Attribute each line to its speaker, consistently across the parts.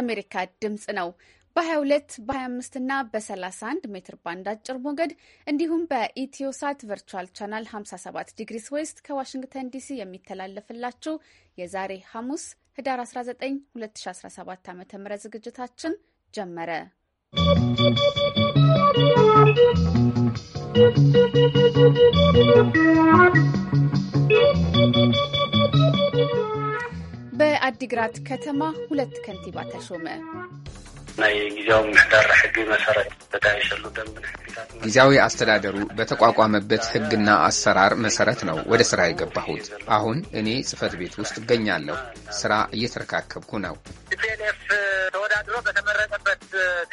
Speaker 1: የአሜሪካ ድምፅ ነው። በ22 በ25 እና በ31 ሜትር ባንድ አጭር ሞገድ እንዲሁም በኢትዮሳት ቨርቹዋል ቻናል 57 ዲግሪስ ዌስት ከዋሽንግተን ዲሲ የሚተላለፍላችሁ የዛሬ ሐሙስ ህዳር 19 2017 ዓ ም ዝግጅታችን ጀመረ። ¶¶ በአዲግራት ከተማ ሁለት ከንቲባ ተሾመ።
Speaker 2: ጊዜያዊ አስተዳደሩ በተቋቋመበት ሕግና አሰራር መሰረት ነው ወደ ስራ የገባሁት። አሁን እኔ ጽህፈት ቤት ውስጥ እገኛለሁ። ስራ እየተረካከብኩ ነው። ቲፒኤልኤፍ ተወዳድሮ በተመረጠበት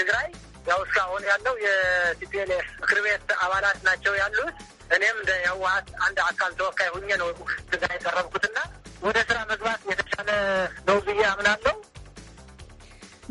Speaker 2: ትግራይ
Speaker 3: ያው እስካሁን ያለው የቲፒኤልኤፍ ምክር ቤት አባላት ናቸው ያሉት። እኔም እንደ አንድ አካል ተወካይ ሁኜ ነው ትግራይ የቀረብኩትና ወደ ስራ መግባት የተሻለ ነው ብዬ አምናለሁ።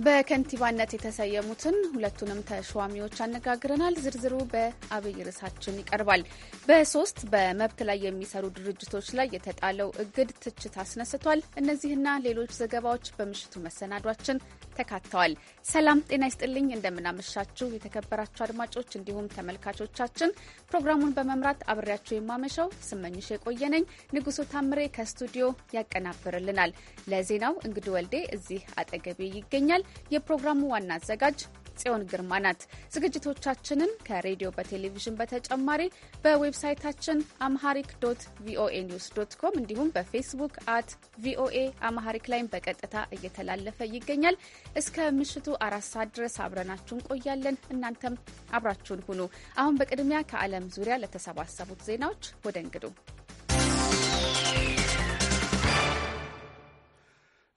Speaker 1: በከንቲባነት የተሰየሙትን ሁለቱንም ተሿሚዎች አነጋግረናል። ዝርዝሩ በአብይ ርዕሳችን ይቀርባል። በሶስት በመብት ላይ የሚሰሩ ድርጅቶች ላይ የተጣለው እግድ ትችት አስነስቷል። እነዚህና ሌሎች ዘገባዎች በምሽቱ መሰናዷችን ተካተዋል። ሰላም ጤና ይስጥልኝ። እንደምናመሻችሁ የተከበራችሁ አድማጮች እንዲሁም ተመልካቾቻችን፣ ፕሮግራሙን በመምራት አብሬያችሁ የማመሻው ስመኝሽ የቆየነኝ ንጉሱ ታምሬ ከስቱዲዮ ያቀናብርልናል። ለዜናው እንግዲህ ወልዴ እዚህ አጠገቤ ይገኛል። የፕሮግራሙ ዋና አዘጋጅ ጽዮን ግርማ ናት። ዝግጅቶቻችንን ከሬዲዮ በቴሌቪዥን በተጨማሪ በዌብሳይታችን አምሃሪክ ዶት ቪኦኤ ኒውስ ዶት ኮም እንዲሁም በፌስቡክ አት ቪኦኤ አምሃሪክ ላይም በቀጥታ እየተላለፈ ይገኛል። እስከ ምሽቱ አራት ሰዓት ድረስ አብረናችሁ እንቆያለን። እናንተም አብራችሁን ሁኑ። አሁን በቅድሚያ ከዓለም ዙሪያ ለተሰባሰቡት ዜናዎች ወደ እንግዱ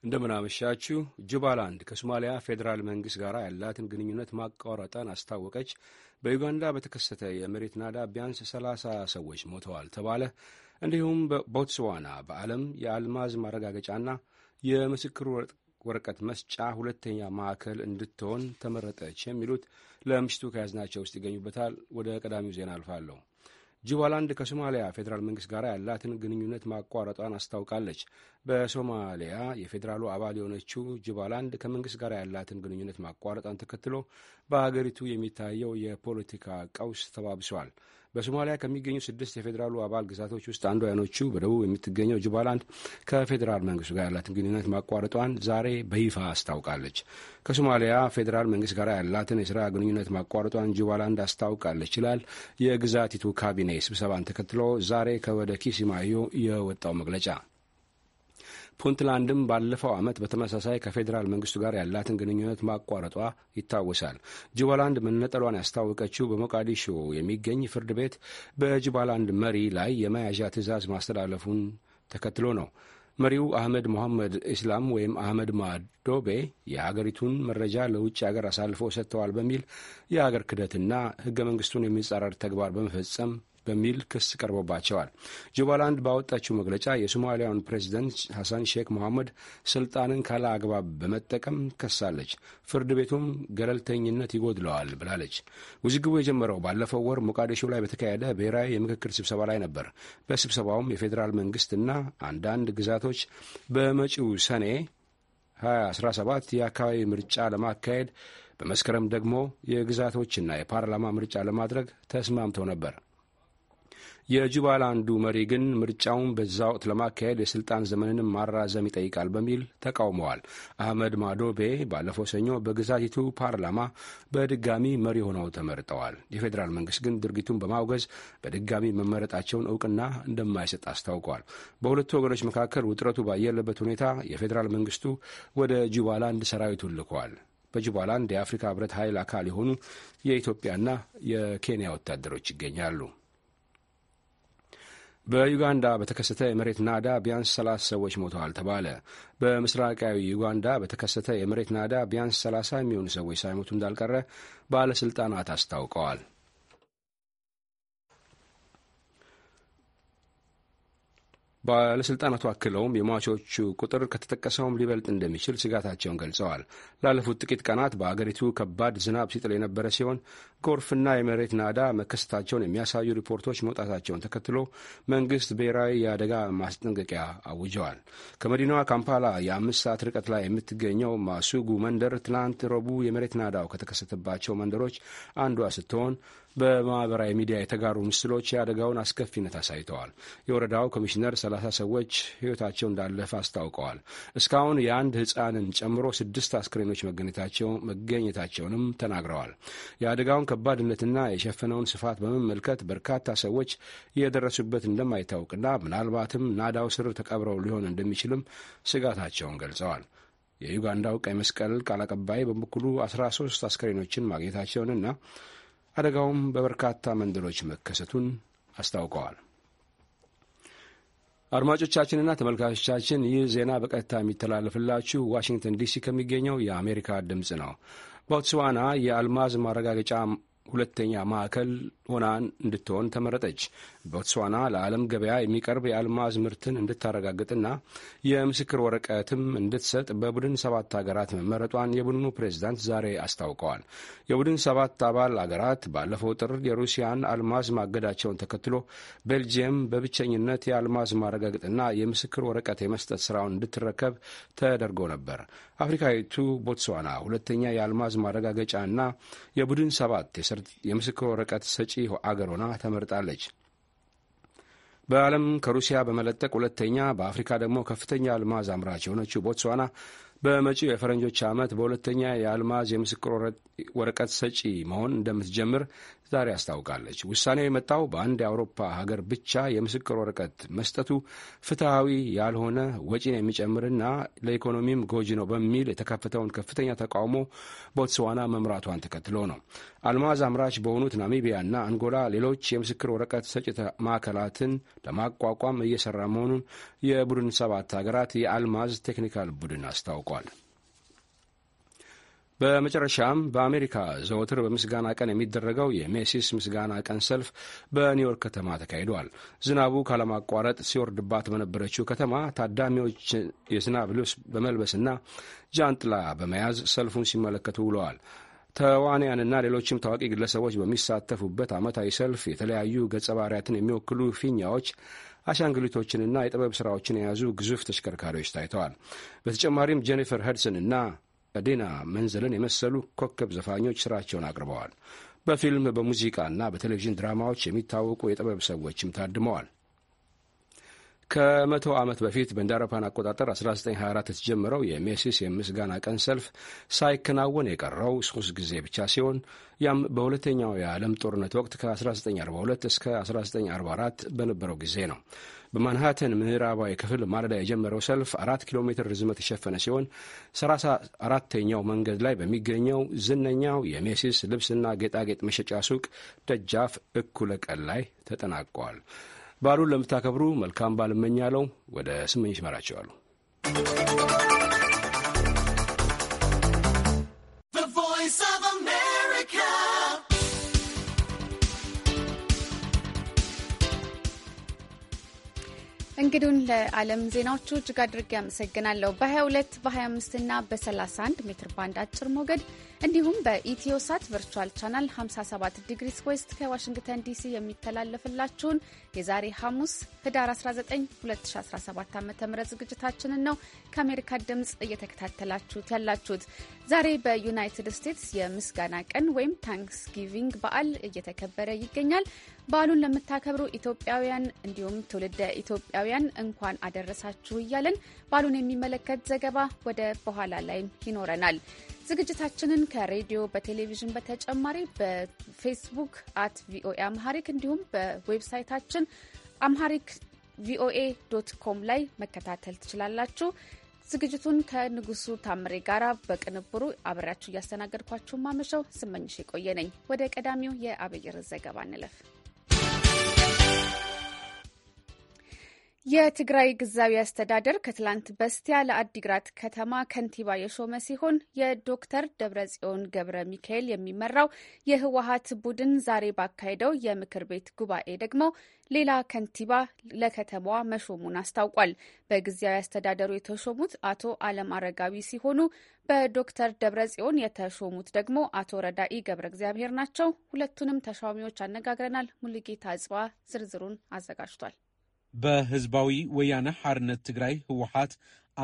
Speaker 4: እንደምናመሻችሁ። ጁባላንድ ከሶማሊያ ፌዴራል መንግስት ጋር ያላትን ግንኙነት ማቋረጠን አስታወቀች። በዩጋንዳ በተከሰተ የመሬት ናዳ ቢያንስ 30 ሰዎች ሞተዋል ተባለ። እንዲሁም ቦትስዋና በዓለም የአልማዝ ማረጋገጫና የምስክር ወረቀት መስጫ ሁለተኛ ማዕከል እንድትሆን ተመረጠች። የሚሉት ለምሽቱ ከያዝናቸው ውስጥ ይገኙበታል። ወደ ቀዳሚው ዜና አልፋለሁ። ጁባላንድ ከሶማሊያ ፌዴራል መንግስት ጋር ያላትን ግንኙነት ማቋረጧን አስታውቃለች። በሶማሊያ የፌዴራሉ አባል የሆነችው ጁባላንድ ከመንግስት ጋር ያላትን ግንኙነት ማቋረጧን ተከትሎ በሀገሪቱ የሚታየው የፖለቲካ ቀውስ ተባብሷል። በሶማሊያ ከሚገኙ ስድስት የፌዴራሉ አባል ግዛቶች ውስጥ አንዷ የሆነችው በደቡብ የምትገኘው ጁባላንድ ከፌዴራል መንግስቱ ጋር ያላትን ግንኙነት ማቋረጧን ዛሬ በይፋ አስታውቃለች። ከሶማሊያ ፌዴራል መንግስት ጋር ያላትን የስራ ግንኙነት ማቋረጧን ጁባላንድ አስታውቃለች ይላል የግዛቲቱ ካቢኔ ስብሰባን ተከትሎ ዛሬ ከወደ ኪሲማዮ የወጣው መግለጫ። ፑንትላንድም ባለፈው ዓመት በተመሳሳይ ከፌዴራል መንግስቱ ጋር ያላትን ግንኙነት ማቋረጧ ይታወሳል። ጁባላንድ መነጠሏን ያስታወቀችው በሞቃዲሾ የሚገኝ ፍርድ ቤት በጁባላንድ መሪ ላይ የመያዣ ትዕዛዝ ማስተላለፉን ተከትሎ ነው። መሪው አህመድ ሞሐመድ ኢስላም ወይም አህመድ ማዶቤ የሀገሪቱን መረጃ ለውጭ ሀገር አሳልፈው ሰጥተዋል በሚል የሀገር ክደትና ህገ መንግስቱን የሚጻረር ተግባር በመፈጸም በሚል ክስ ቀርቦባቸዋል። ጁባላንድ ባወጣችው መግለጫ የሶማሊያውን ፕሬዚደንት ሐሳን ሼክ መሐመድ ስልጣንን ካለ አግባብ በመጠቀም ከሳለች። ፍርድ ቤቱም ገለልተኝነት ይጎድለዋል ብላለች። ውዝግቡ የጀመረው ባለፈው ወር ሞቃዲሾ ላይ በተካሄደ ብሔራዊ የምክክር ስብሰባ ላይ ነበር። በስብሰባውም የፌዴራል እና አንዳንድ ግዛቶች በመጪው ሰኔ 2017 የአካባቢ ምርጫ ለማካሄድ በመስከረም ደግሞ የግዛቶችና የፓርላማ ምርጫ ለማድረግ ተስማምተው ነበር። የጁባላንዱ መሪ ግን ምርጫውን በዛ ወቅት ለማካሄድ የስልጣን ዘመንንም ማራዘም ይጠይቃል በሚል ተቃውመዋል። አህመድ ማዶቤ ባለፈው ሰኞ በግዛቲቱ ፓርላማ በድጋሚ መሪ ሆነው ተመርጠዋል። የፌዴራል መንግስት ግን ድርጊቱን በማውገዝ በድጋሚ መመረጣቸውን እውቅና እንደማይሰጥ አስታውቋል። በሁለቱ ወገኖች መካከል ውጥረቱ ባየለበት ሁኔታ የፌዴራል መንግስቱ ወደ ጁባላንድ ሰራዊቱን ልኳል። በጁባላንድ የአፍሪካ ህብረት ኃይል አካል የሆኑ የኢትዮጵያና የኬንያ ወታደሮች ይገኛሉ። በዩጋንዳ በተከሰተ የመሬት ናዳ ቢያንስ ሰላሳ ሰዎች ሞተዋል ተባለ። በምስራቃዊ ዩጋንዳ በተከሰተ የመሬት ናዳ ቢያንስ ሰላሳ የሚሆኑ ሰዎች ሳይሞቱ እንዳልቀረ ባለሥልጣናት አስታውቀዋል። ባለሥልጣናቱ አክለውም የሟቾቹ ቁጥር ከተጠቀሰውም ሊበልጥ እንደሚችል ስጋታቸውን ገልጸዋል። ላለፉት ጥቂት ቀናት በአገሪቱ ከባድ ዝናብ ሲጥል የነበረ ሲሆን ጎርፍና የመሬት ናዳ መከሰታቸውን የሚያሳዩ ሪፖርቶች መውጣታቸውን ተከትሎ መንግሥት ብሔራዊ የአደጋ ማስጠንቀቂያ አውጀዋል። ከመዲናዋ ካምፓላ የአምስት ሰዓት ርቀት ላይ የምትገኘው ማሱጉ መንደር ትናንት ረቡዕ የመሬት ናዳው ከተከሰተባቸው መንደሮች አንዷ ስትሆን በማህበራዊ ሚዲያ የተጋሩ ምስሎች የአደጋውን አስከፊነት አሳይተዋል። የወረዳው ኮሚሽነር ሰላሳ ሰዎች ሕይወታቸው እንዳለፈ አስታውቀዋል። እስካሁን የአንድ ሕፃንን ጨምሮ ስድስት አስክሬኖች መገኘታቸውንም ተናግረዋል። የአደጋውን ከባድነትና የሸፈነውን ስፋት በመመልከት በርካታ ሰዎች የደረሱበት እንደማይታወቅና ምናልባትም ናዳው ስር ተቀብረው ሊሆን እንደሚችልም ስጋታቸውን ገልጸዋል። የዩጋንዳው ቀይ መስቀል ቃል አቀባይ በበኩሉ 13 አስከሬኖችን ማግኘታቸውንና አደጋውም በበርካታ መንደሮች መከሰቱን አስታውቀዋል። አድማጮቻችንና ተመልካቾቻችን ይህ ዜና በቀጥታ የሚተላለፍላችሁ ዋሽንግተን ዲሲ ከሚገኘው የአሜሪካ ድምፅ ነው። ቦትስዋና የአልማዝ ማረጋገጫ ሁለተኛ ማዕከል ሆና እንድትሆን ተመረጠች። ቦትስዋና ለዓለም ገበያ የሚቀርብ የአልማዝ ምርትን እንድታረጋግጥና የምስክር ወረቀትም እንድትሰጥ በቡድን ሰባት ሀገራት መመረጧን የቡድኑ ፕሬዝዳንት ዛሬ አስታውቀዋል። የቡድን ሰባት አባል አገራት ባለፈው ጥር የሩሲያን አልማዝ ማገዳቸውን ተከትሎ ቤልጅየም በብቸኝነት የአልማዝ ማረጋገጥና የምስክር ወረቀት የመስጠት ስራውን እንድትረከብ ተደርጎ ነበር። አፍሪካዊቱ ቦትስዋና ሁለተኛ የአልማዝ ማረጋገጫ እና የቡድን ሰባት የምስክር ወረቀት ሰጪ አገር ሆና ተመርጣለች። በዓለም ከሩሲያ በመለጠቅ ሁለተኛ በአፍሪካ ደግሞ ከፍተኛ አልማዝ አምራች የሆነችው ቦትስዋና በመጪው የፈረንጆች ዓመት በሁለተኛ የአልማዝ የምስክር ወረቀት ሰጪ መሆን እንደምትጀምር ዛሬ አስታውቃለች። ውሳኔው የመጣው በአንድ የአውሮፓ ሀገር ብቻ የምስክር ወረቀት መስጠቱ ፍትሐዊ ያልሆነ ወጪን የሚጨምርና ለኢኮኖሚም ጎጂ ነው በሚል የተከፈተውን ከፍተኛ ተቃውሞ ቦትስዋና መምራቷን ተከትሎ ነው። አልማዝ አምራች በሆኑት ናሚቢያና አንጎላ ሌሎች የምስክር ወረቀት ሰጪ ማዕከላትን ለማቋቋም እየሰራ መሆኑን የቡድን ሰባት ሀገራት የአልማዝ ቴክኒካል ቡድን አስታውቋል። በመጨረሻም በአሜሪካ ዘወትር በምስጋና ቀን የሚደረገው የሜሲስ ምስጋና ቀን ሰልፍ በኒውዮርክ ከተማ ተካሂዷል። ዝናቡ ካለማቋረጥ ሲወርድባት በነበረችው ከተማ ታዳሚዎች የዝናብ ልብስ በመልበስና ጃንጥላ በመያዝ ሰልፉን ሲመለከቱ ውለዋል። ተዋንያንና ሌሎችም ታዋቂ ግለሰቦች በሚሳተፉበት ዓመታዊ ሰልፍ የተለያዩ ገጸ ባህሪያትን የሚወክሉ ፊኛዎች አሻንግሊቶችንና የጥበብ ሥራዎችን የያዙ ግዙፍ ተሽከርካሪዎች ታይተዋል። በተጨማሪም ጄኒፈር ሄድሰን እና ዲና መንዘልን የመሰሉ ኮከብ ዘፋኞች ስራቸውን አቅርበዋል። በፊልም በሙዚቃና በቴሌቪዥን ድራማዎች የሚታወቁ የጥበብ ሰዎችም ታድመዋል። ከመቶ ዓመት በፊት በእንደ አውሮፓውያን አቆጣጠር 1924 የተጀመረው የሜሲስ የምስጋና ቀን ሰልፍ ሳይከናወን የቀረው ሶስት ጊዜ ብቻ ሲሆን ያም በሁለተኛው የዓለም ጦርነት ወቅት ከ1942 እስከ 1944 በነበረው ጊዜ ነው። በማንሃተን ምዕራባዊ ክፍል ማለዳ የጀመረው ሰልፍ አራት ኪሎ ሜትር ርዝመት የሸፈነ ሲሆን ሰላሳ አራተኛው መንገድ ላይ በሚገኘው ዝነኛው የሜሲስ ልብስና ጌጣጌጥ መሸጫ ሱቅ ደጃፍ እኩለ ቀን ላይ ተጠናቋል። በዓሉን ለምታከብሩ መልካም በዓል እመኛለሁ። ወደ ስመኝሽ መራቸዋሉ።
Speaker 1: እንግዲሁን ለዓለም ዜናዎቹ እጅግ አድርጌ ያመሰግናለሁ። በ22 በ25 እና በ31 ሜትር ባንድ አጭር ሞገድ እንዲሁም በኢትዮሳት ቨርቹዋል ቻናል 57 ዲግሪስ ዌስት ከዋሽንግተን ዲሲ የሚተላለፍላችሁን የዛሬ ሐሙስ ህዳር 19 2017 ዓ ም ዝግጅታችንን ነው ከአሜሪካ ድምፅ እየተከታተላችሁት ያላችሁት። ዛሬ በዩናይትድ ስቴትስ የምስጋና ቀን ወይም ታንክስጊቪንግ በዓል እየተከበረ ይገኛል። በዓሉን ለምታከብሩ ኢትዮጵያውያን እንዲሁም ትውልደ ኢትዮጵያውያን እንኳን አደረሳችሁ እያለን በዓሉን የሚመለከት ዘገባ ወደ በኋላ ላይ ይኖረናል። ዝግጅታችንን ከሬዲዮ በቴሌቪዥን በተጨማሪ በፌስቡክ አት ቪኦኤ አምሃሪክ እንዲሁም በዌብሳይታችን አምሃሪክ ቪኦኤ ዶት ኮም ላይ መከታተል ትችላላችሁ። ዝግጅቱን ከንጉሱ ታምሬ ጋር በቅንብሩ አብሬያችሁ እያስተናገድኳችሁ ማመሻው ስመኝሽ የቆየ ነኝ። ወደ ቀዳሚው የአብይር ዘገባ እንለፍ። የትግራይ ግዛዊ አስተዳደር ከትላንት በስቲያ ለአዲግራት ከተማ ከንቲባ የሾመ ሲሆን የዶክተር ደብረጽዮን ገብረ ሚካኤል የሚመራው የህወሀት ቡድን ዛሬ ባካሄደው የምክር ቤት ጉባኤ ደግሞ ሌላ ከንቲባ ለከተማዋ መሾሙን አስታውቋል። በጊዜያዊ አስተዳደሩ የተሾሙት አቶ አለም አረጋዊ ሲሆኑ በዶክተር ደብረጽዮን የተሾሙት ደግሞ አቶ ረዳኢ ገብረ እግዚአብሔር ናቸው። ሁለቱንም ተሿሚዎች አነጋግረናል። ሙሉጌታ አጽባ ዝርዝሩን አዘጋጅቷል።
Speaker 5: በህዝባዊ ወያነ ሐርነት ትግራይ ህወሓት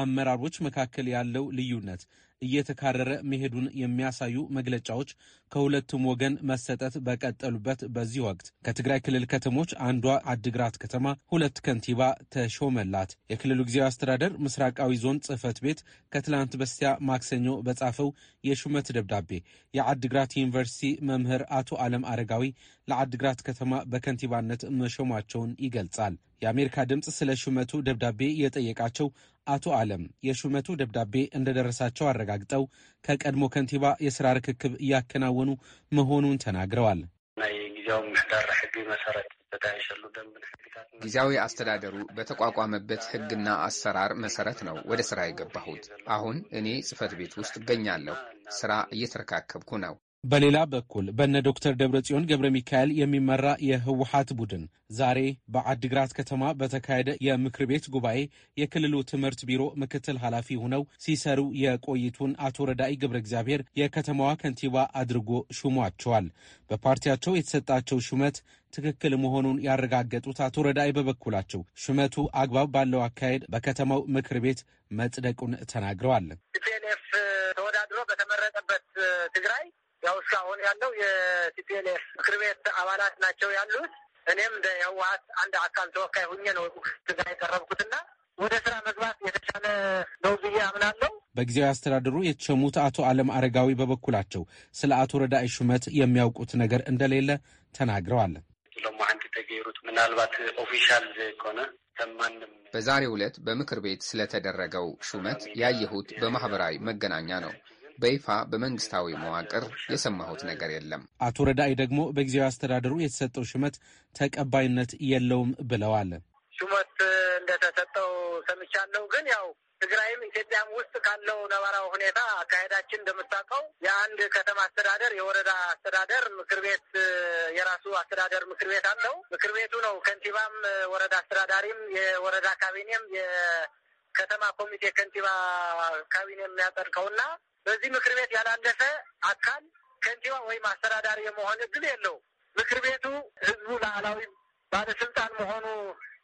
Speaker 5: አመራሮች መካከል ያለው ልዩነት እየተካረረ መሄዱን የሚያሳዩ መግለጫዎች ከሁለቱም ወገን መሰጠት በቀጠሉበት በዚህ ወቅት ከትግራይ ክልል ከተሞች አንዷ አድግራት ከተማ ሁለት ከንቲባ ተሾመላት። የክልሉ ጊዜያዊ አስተዳደር ምስራቃዊ ዞን ጽህፈት ቤት ከትላንት በስቲያ ማክሰኞ በጻፈው የሹመት ደብዳቤ የአድግራት ዩኒቨርሲቲ መምህር አቶ አለም አረጋዊ ለአድግራት ከተማ በከንቲባነት መሾማቸውን ይገልጻል። የአሜሪካ ድምፅ ስለ ሹመቱ ደብዳቤ የጠየቃቸው አቶ አለም የሹመቱ ደብዳቤ እንደደረሳቸው አረጋግጠው ከቀድሞ ከንቲባ የስራ ርክክብ እያከናወኑ መሆኑን ተናግረዋል።
Speaker 2: ጊዜያዊ አስተዳደሩ በተቋቋመበት ሕግና አሰራር መሰረት ነው ወደ ስራ የገባሁት። አሁን እኔ ጽህፈት ቤት ውስጥ እገኛለሁ። ስራ እየተረካከብኩ
Speaker 5: ነው። በሌላ በኩል በነ ዶክተር ደብረጽዮን ገብረ ሚካኤል የሚመራ የህወሀት ቡድን ዛሬ በአድግራት ከተማ በተካሄደ የምክር ቤት ጉባኤ የክልሉ ትምህርት ቢሮ ምክትል ኃላፊ ሆነው ሲሰሩ የቆይቱን አቶ ረዳኢ ገብረ እግዚአብሔር የከተማዋ ከንቲባ አድርጎ ሹሟቸዋል። በፓርቲያቸው የተሰጣቸው ሹመት ትክክል መሆኑን ያረጋገጡት አቶ ረዳኢ በበኩላቸው ሹመቱ አግባብ ባለው አካሄድ በከተማው ምክር ቤት መጽደቁን ተናግረዋል። ቴሌፍ ተወዳድሮ በተመረጠበት ትግራይ
Speaker 3: ያለው የቲፒኤልኤፍ ምክር ቤት አባላት ናቸው ያሉት። እኔም የህወሀት አንድ አካል ተወካይ ሁኜ ነው ጋ የቀረብኩትና ወደ ስራ መግባት የተቻለ ነው ብዬ አምናለሁ።
Speaker 5: በጊዜያዊ አስተዳደሩ የተሸሙት አቶ አለም አረጋዊ በበኩላቸው ስለ አቶ ረዳኤ ሹመት የሚያውቁት ነገር እንደሌለ ተናግረዋል።
Speaker 2: ሎም
Speaker 6: ተገይሩት ምናልባት ኦፊሻል ከሆነ
Speaker 2: በዛሬ ዕለት በምክር ቤት ስለተደረገው ሹመት ያየሁት በማህበራዊ መገናኛ ነው። በይፋ በመንግስታዊ መዋቅር የሰማሁት ነገር የለም።
Speaker 5: አቶ ረዳኢ ደግሞ በጊዜያዊ አስተዳደሩ የተሰጠው ሹመት ተቀባይነት የለውም ብለዋል። ሹመት እንደተሰጠው
Speaker 3: ሰምቻለሁ፣ ግን ያው ትግራይም ኢትዮጵያም ውስጥ ካለው ነባራው ሁኔታ አካሄዳችን እንደምታውቀው የአንድ ከተማ አስተዳደር የወረዳ አስተዳደር ምክር ቤት የራሱ አስተዳደር ምክር ቤት አለው። ምክር ቤቱ ነው ከንቲባም፣ ወረዳ አስተዳዳሪም፣ የወረዳ ካቢኔም፣ የከተማ ኮሚቴ ከንቲባ ካቢኔ የሚያጸድቀውና በዚህ ምክር ቤት ያላለፈ አካል ከንቲባ ወይም አስተዳዳሪ የመሆን እድል የለው። ምክር ቤቱ ህዝቡ ሉዓላዊ ባለስልጣን መሆኑ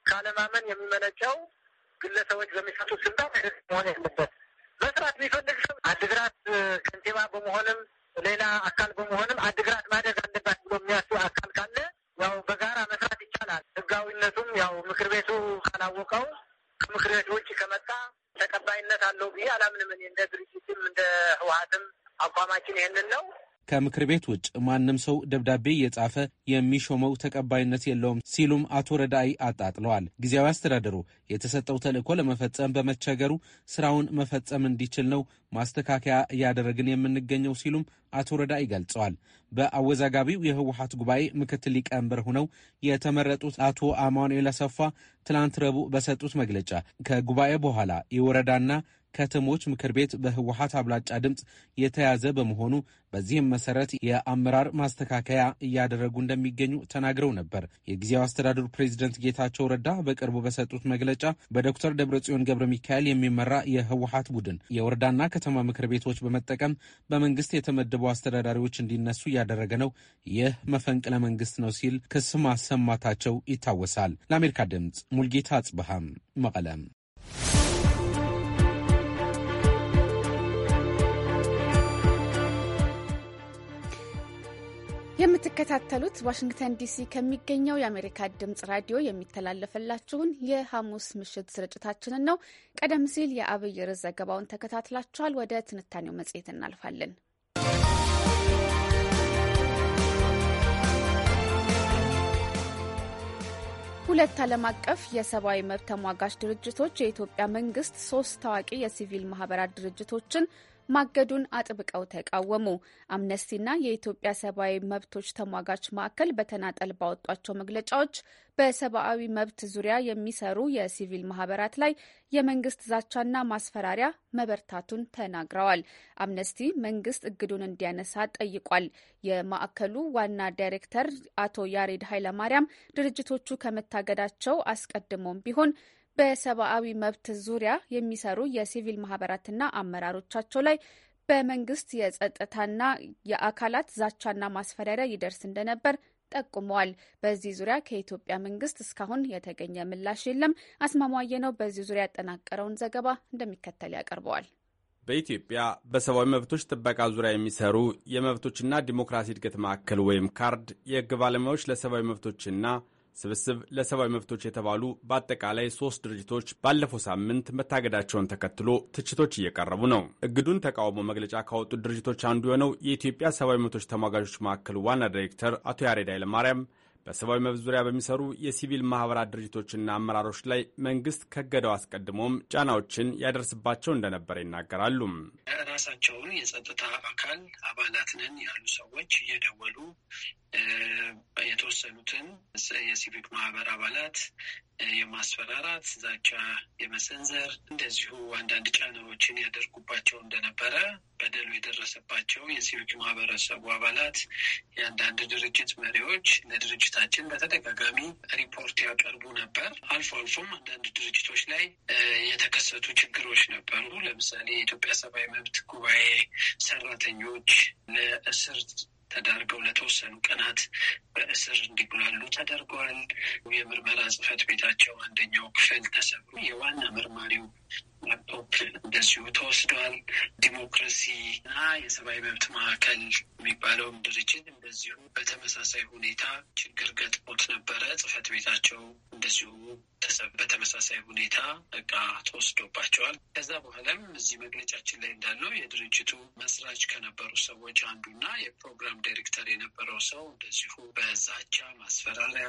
Speaker 3: ካለማመን የሚመነጨው ግለሰቦች በሚሰጡ ስልጣን መሆን ያለበት መስራት የሚፈልግ ሰው አድግራት ከንቲባ በመሆንም ሌላ አካል በመሆንም አድግራት ማደግ አለባት ብሎ የሚያስብ አካል ካለ ያው በጋራ መስራት ይቻላል። ህጋዊነቱም ያው ምክር ቤቱ ካላወቀው ከምክር ቤቱ ውጭ ከመጣ ተቀባይነት አለው ብዬ አላምንም። እኔ እንደ ድርጅትም እንደ ህወሀትም አቋማችን ይህንን
Speaker 5: ነው። ከምክር ቤት ውጭ ማንም ሰው ደብዳቤ እየጻፈ የሚሾመው ተቀባይነት የለውም ሲሉም አቶ ረዳይ አጣጥለዋል። ጊዜያዊ አስተዳደሩ የተሰጠው ተልእኮ ለመፈጸም በመቸገሩ ስራውን መፈጸም እንዲችል ነው ማስተካከያ እያደረግን የምንገኘው ሲሉም አቶ ረዳይ ገልጸዋል። በአወዛጋቢው የህወሓት ጉባኤ ምክትል ሊቀመንበር ሆነው የተመረጡት አቶ አማኑኤል አሰፋ ትላንት ረቡዕ በሰጡት መግለጫ ከጉባኤ በኋላ የወረዳና ከተሞች ምክር ቤት በህወሀት አብላጫ ድምፅ የተያዘ በመሆኑ በዚህም መሰረት የአመራር ማስተካከያ እያደረጉ እንደሚገኙ ተናግረው ነበር። የጊዜያዊ አስተዳደሩ ፕሬዚደንት ጌታቸው ረዳ በቅርቡ በሰጡት መግለጫ በዶክተር ደብረጽዮን ገብረ ሚካኤል የሚመራ የህወሀት ቡድን የወረዳና ከተማ ምክር ቤቶች በመጠቀም በመንግስት የተመደቡ አስተዳዳሪዎች እንዲነሱ እያደረገ ነው። ይህ መፈንቅለ መንግስት ነው ሲል ክስ ማሰማታቸው ይታወሳል። ለአሜሪካ ድምፅ ሙልጌታ አጽብሃም መቀለም
Speaker 1: የምትከታተሉት ዋሽንግተን ዲሲ ከሚገኘው የአሜሪካ ድምጽ ራዲዮ የሚተላለፈላችሁን የሐሙስ ምሽት ስርጭታችንን ነው። ቀደም ሲል የአብይ ርዕስ ዘገባውን ተከታትላችኋል። ወደ ትንታኔው መጽሔት እናልፋለን። ሁለት ዓለም አቀፍ የሰብአዊ መብት ተሟጋች ድርጅቶች የኢትዮጵያ መንግስት ሶስት ታዋቂ የሲቪል ማህበራት ድርጅቶችን ማገዱን አጥብቀው ተቃወሙ። አምነስቲና የኢትዮጵያ ሰብአዊ መብቶች ተሟጋች ማዕከል በተናጠል ባወጧቸው መግለጫዎች በሰብአዊ መብት ዙሪያ የሚሰሩ የሲቪል ማህበራት ላይ የመንግስት ዛቻና ማስፈራሪያ መበርታቱን ተናግረዋል። አምነስቲ መንግስት እግዱን እንዲያነሳ ጠይቋል። የማዕከሉ ዋና ዳይሬክተር አቶ ያሬድ ኃይለማርያም ድርጅቶቹ ከመታገዳቸው አስቀድሞም ቢሆን በሰብአዊ መብት ዙሪያ የሚሰሩ የሲቪል ማህበራትና አመራሮቻቸው ላይ በመንግስት የጸጥታና የአካላት ዛቻና ማስፈራሪያ ይደርስ እንደነበር ጠቁመዋል። በዚህ ዙሪያ ከኢትዮጵያ መንግስት እስካሁን የተገኘ ምላሽ የለም። አስማማየ ነው በዚህ ዙሪያ ያጠናቀረውን ዘገባ እንደሚከተል ያቀርበዋል።
Speaker 7: በኢትዮጵያ በሰብአዊ መብቶች ጥበቃ ዙሪያ የሚሰሩ የመብቶችና ዲሞክራሲ እድገት ማዕከል ወይም ካርድ የህግ ባለሙያዎች ለሰብአዊ መብቶችና ስብስብ ለሰብአዊ መብቶች የተባሉ በአጠቃላይ ሶስት ድርጅቶች ባለፈው ሳምንት መታገዳቸውን ተከትሎ ትችቶች እየቀረቡ ነው። እግዱን ተቃውሞ መግለጫ ካወጡት ድርጅቶች አንዱ የሆነው የኢትዮጵያ ሰብአዊ መብቶች ተሟጋቾች ማዕከል ዋና ዳይሬክተር አቶ ያሬድ ኃይለማርያም በሰብአዊ መብት ዙሪያ በሚሰሩ የሲቪል ማኅበራት ድርጅቶችና አመራሮች ላይ መንግስት ከገደው አስቀድሞም ጫናዎችን ያደርስባቸው እንደነበረ ይናገራሉ።
Speaker 8: ራሳቸውን የጸጥታ አካል አባላት ነን ያሉ ሰዎች እየደወሉ የተወሰኑትን የሲቪክ ማህበር አባላት የማስፈራራት ዛቻ የመሰንዘር እንደዚሁ አንዳንድ ጫናዎችን ያደርጉባቸው እንደነበረ በደሉ የደረሰባቸው የሲቪክ ማህበረሰቡ አባላት የአንዳንድ ድርጅት መሪዎች ለድርጅታችን በተደጋጋሚ ሪፖርት ያቀርቡ ነበር። አልፎ አልፎም አንዳንድ ድርጅቶች ላይ የተከሰቱ ችግሮች ነበሩ። ለምሳሌ የኢትዮጵያ ሰብአዊ መብት ጉባኤ ሰራተኞች ለእስር ተዳርገው ለተወሰኑ ቀናት በእስር እንዲጉላሉ ተደርገዋል። የምርመራ ጽሕፈት ቤታቸው አንደኛው ክፍል ተሰብሮ የዋና መርማሪው ላፕቶፕ እንደዚሁ ተወስደዋል። ዲሞክራሲ እና የሰብአዊ መብት ማዕከል የሚባለውም ድርጅት እንደዚሁ በተመሳሳይ ሁኔታ ችግር ገጥሞት ነበረ።
Speaker 3: ጽህፈት ቤታቸው እንደዚሁ በተመሳሳይ ሁኔታ እቃ ተወስዶባቸዋል።
Speaker 8: ከዛ በኋላም እዚህ መግለጫችን ላይ እንዳለው የድርጅቱ መስራች ከነበሩ ሰዎች አንዱና የፕሮግራም ዳይሬክተር የነበረው ሰው እንደዚሁ በዛቻ ማስፈራሪያ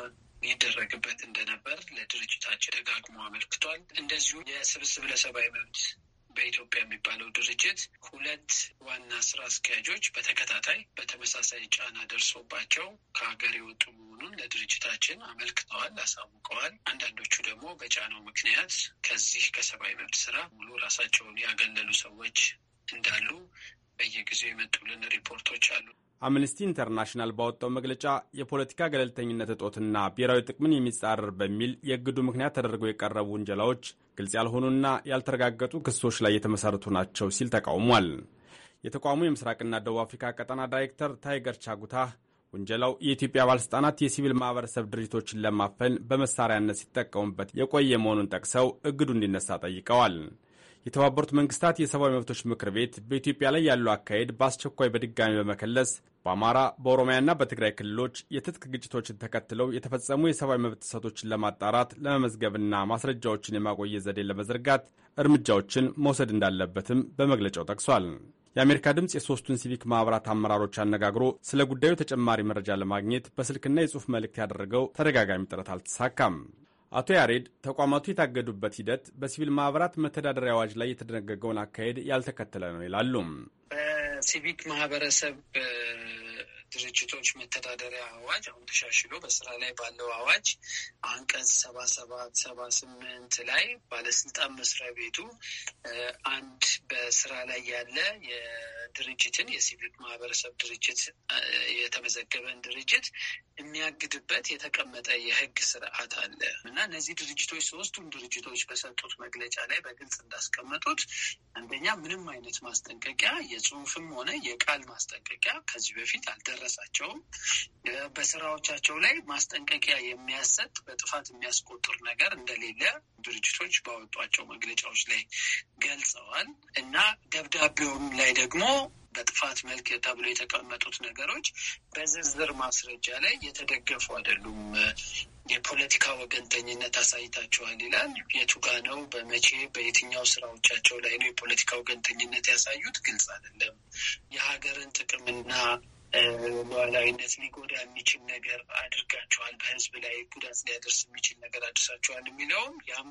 Speaker 8: ይደረግበት እንደነበር ለድርጅታችን ደጋግሞ አመልክቷል። እንደዚሁ የስብስብ ለሰብአዊ ሰብአዊ መብት በኢትዮጵያ የሚባለው ድርጅት ሁለት ዋና ስራ አስኪያጆች በተከታታይ በተመሳሳይ ጫና ደርሶባቸው ከሀገር የወጡ መሆኑን ለድርጅታችን አመልክተዋል፣ አሳውቀዋል። አንዳንዶቹ ደግሞ በጫናው ምክንያት ከዚህ ከሰብአዊ መብት ስራ ሙሉ ራሳቸውን ያገለሉ ሰዎች እንዳሉ በየጊዜው የመጡልን ሪፖርቶች አሉ።
Speaker 7: አምነስቲ ኢንተርናሽናል ባወጣው መግለጫ የፖለቲካ ገለልተኝነት እጦትና ብሔራዊ ጥቅምን የሚጻረር በሚል የእግዱ ምክንያት ተደርገው የቀረቡ ውንጀላዎች ግልጽ ያልሆኑና ያልተረጋገጡ ክሶች ላይ የተመሠረቱ ናቸው ሲል ተቃውሟል። የተቋሙ የምስራቅና ደቡብ አፍሪካ ቀጠና ዳይሬክተር ታይገር ቻጉታ ውንጀላው የኢትዮጵያ ባለሥልጣናት የሲቪል ማኅበረሰብ ድርጅቶችን ለማፈን በመሳሪያነት ሲጠቀሙበት የቆየ መሆኑን ጠቅሰው እግዱ እንዲነሳ ጠይቀዋል። የተባበሩት መንግስታት የሰብአዊ መብቶች ምክር ቤት በኢትዮጵያ ላይ ያለው አካሄድ በአስቸኳይ በድጋሚ በመከለስ በአማራ በኦሮሚያና በትግራይ ክልሎች የትጥቅ ግጭቶችን ተከትለው የተፈጸሙ የሰብአዊ መብት ጥሰቶችን ለማጣራት ለመመዝገብና ማስረጃዎችን የማቆየት ዘዴ ለመዘርጋት እርምጃዎችን መውሰድ እንዳለበትም በመግለጫው ጠቅሷል። የአሜሪካ ድምፅ የሶስቱን ሲቪክ ማኅበራት አመራሮች አነጋግሮ ስለ ጉዳዩ ተጨማሪ መረጃ ለማግኘት በስልክና የጽሑፍ መልእክት ያደረገው ተደጋጋሚ ጥረት አልተሳካም። አቶ ያሬድ ተቋማቱ የታገዱበት ሂደት በሲቪል ማህበራት መተዳደሪያ አዋጅ ላይ የተደነገገውን አካሄድ ያልተከተለ ነው ይላሉ።
Speaker 8: በሲቪክ ማህበረሰብ ድርጅቶች መተዳደሪያ አዋጅ አሁን ተሻሽሎ በስራ ላይ ባለው አዋጅ አንቀጽ ሰባ ሰባት ሰባ ስምንት ላይ ባለስልጣን መስሪያ ቤቱ አንድ በስራ ላይ ያለ የድርጅትን የሲቪክ ማህበረሰብ ድርጅት የተመዘገበን ድርጅት የሚያግድበት የተቀመጠ የህግ ስርዓት አለ እና እነዚህ ድርጅቶች ሶስቱም ድርጅቶች በሰጡት መግለጫ ላይ በግልጽ እንዳስቀመጡት አንደኛ ምንም አይነት ማስጠንቀቂያ የጽሁፍም ሆነ የቃል ማስጠንቀቂያ ከዚህ በፊት አልደረ አልደረሳቸውም። በስራዎቻቸው ላይ ማስጠንቀቂያ የሚያሰጥ በጥፋት የሚያስቆጥር ነገር እንደሌለ ድርጅቶች ባወጧቸው መግለጫዎች ላይ ገልጸዋል እና ደብዳቤውም ላይ ደግሞ በጥፋት መልክ ተብሎ የተቀመጡት ነገሮች በዝርዝር ማስረጃ ላይ የተደገፉ አይደሉም። የፖለቲካ ወገንተኝነት አሳይታችኋል ይላል። የቱጋ ነው? በመቼ በየትኛው ስራዎቻቸው ላይ ነው የፖለቲካ ወገንተኝነት ያሳዩት? ግልጽ አይደለም። የሀገርን ጥቅምና ሉዓላዊነት ሊጎዳ የሚችል ነገር አድርጋችኋል፣ በህዝብ ላይ ጉዳት ሊያደርስ የሚችል ነገር አድርሳችኋል የሚለውም ያም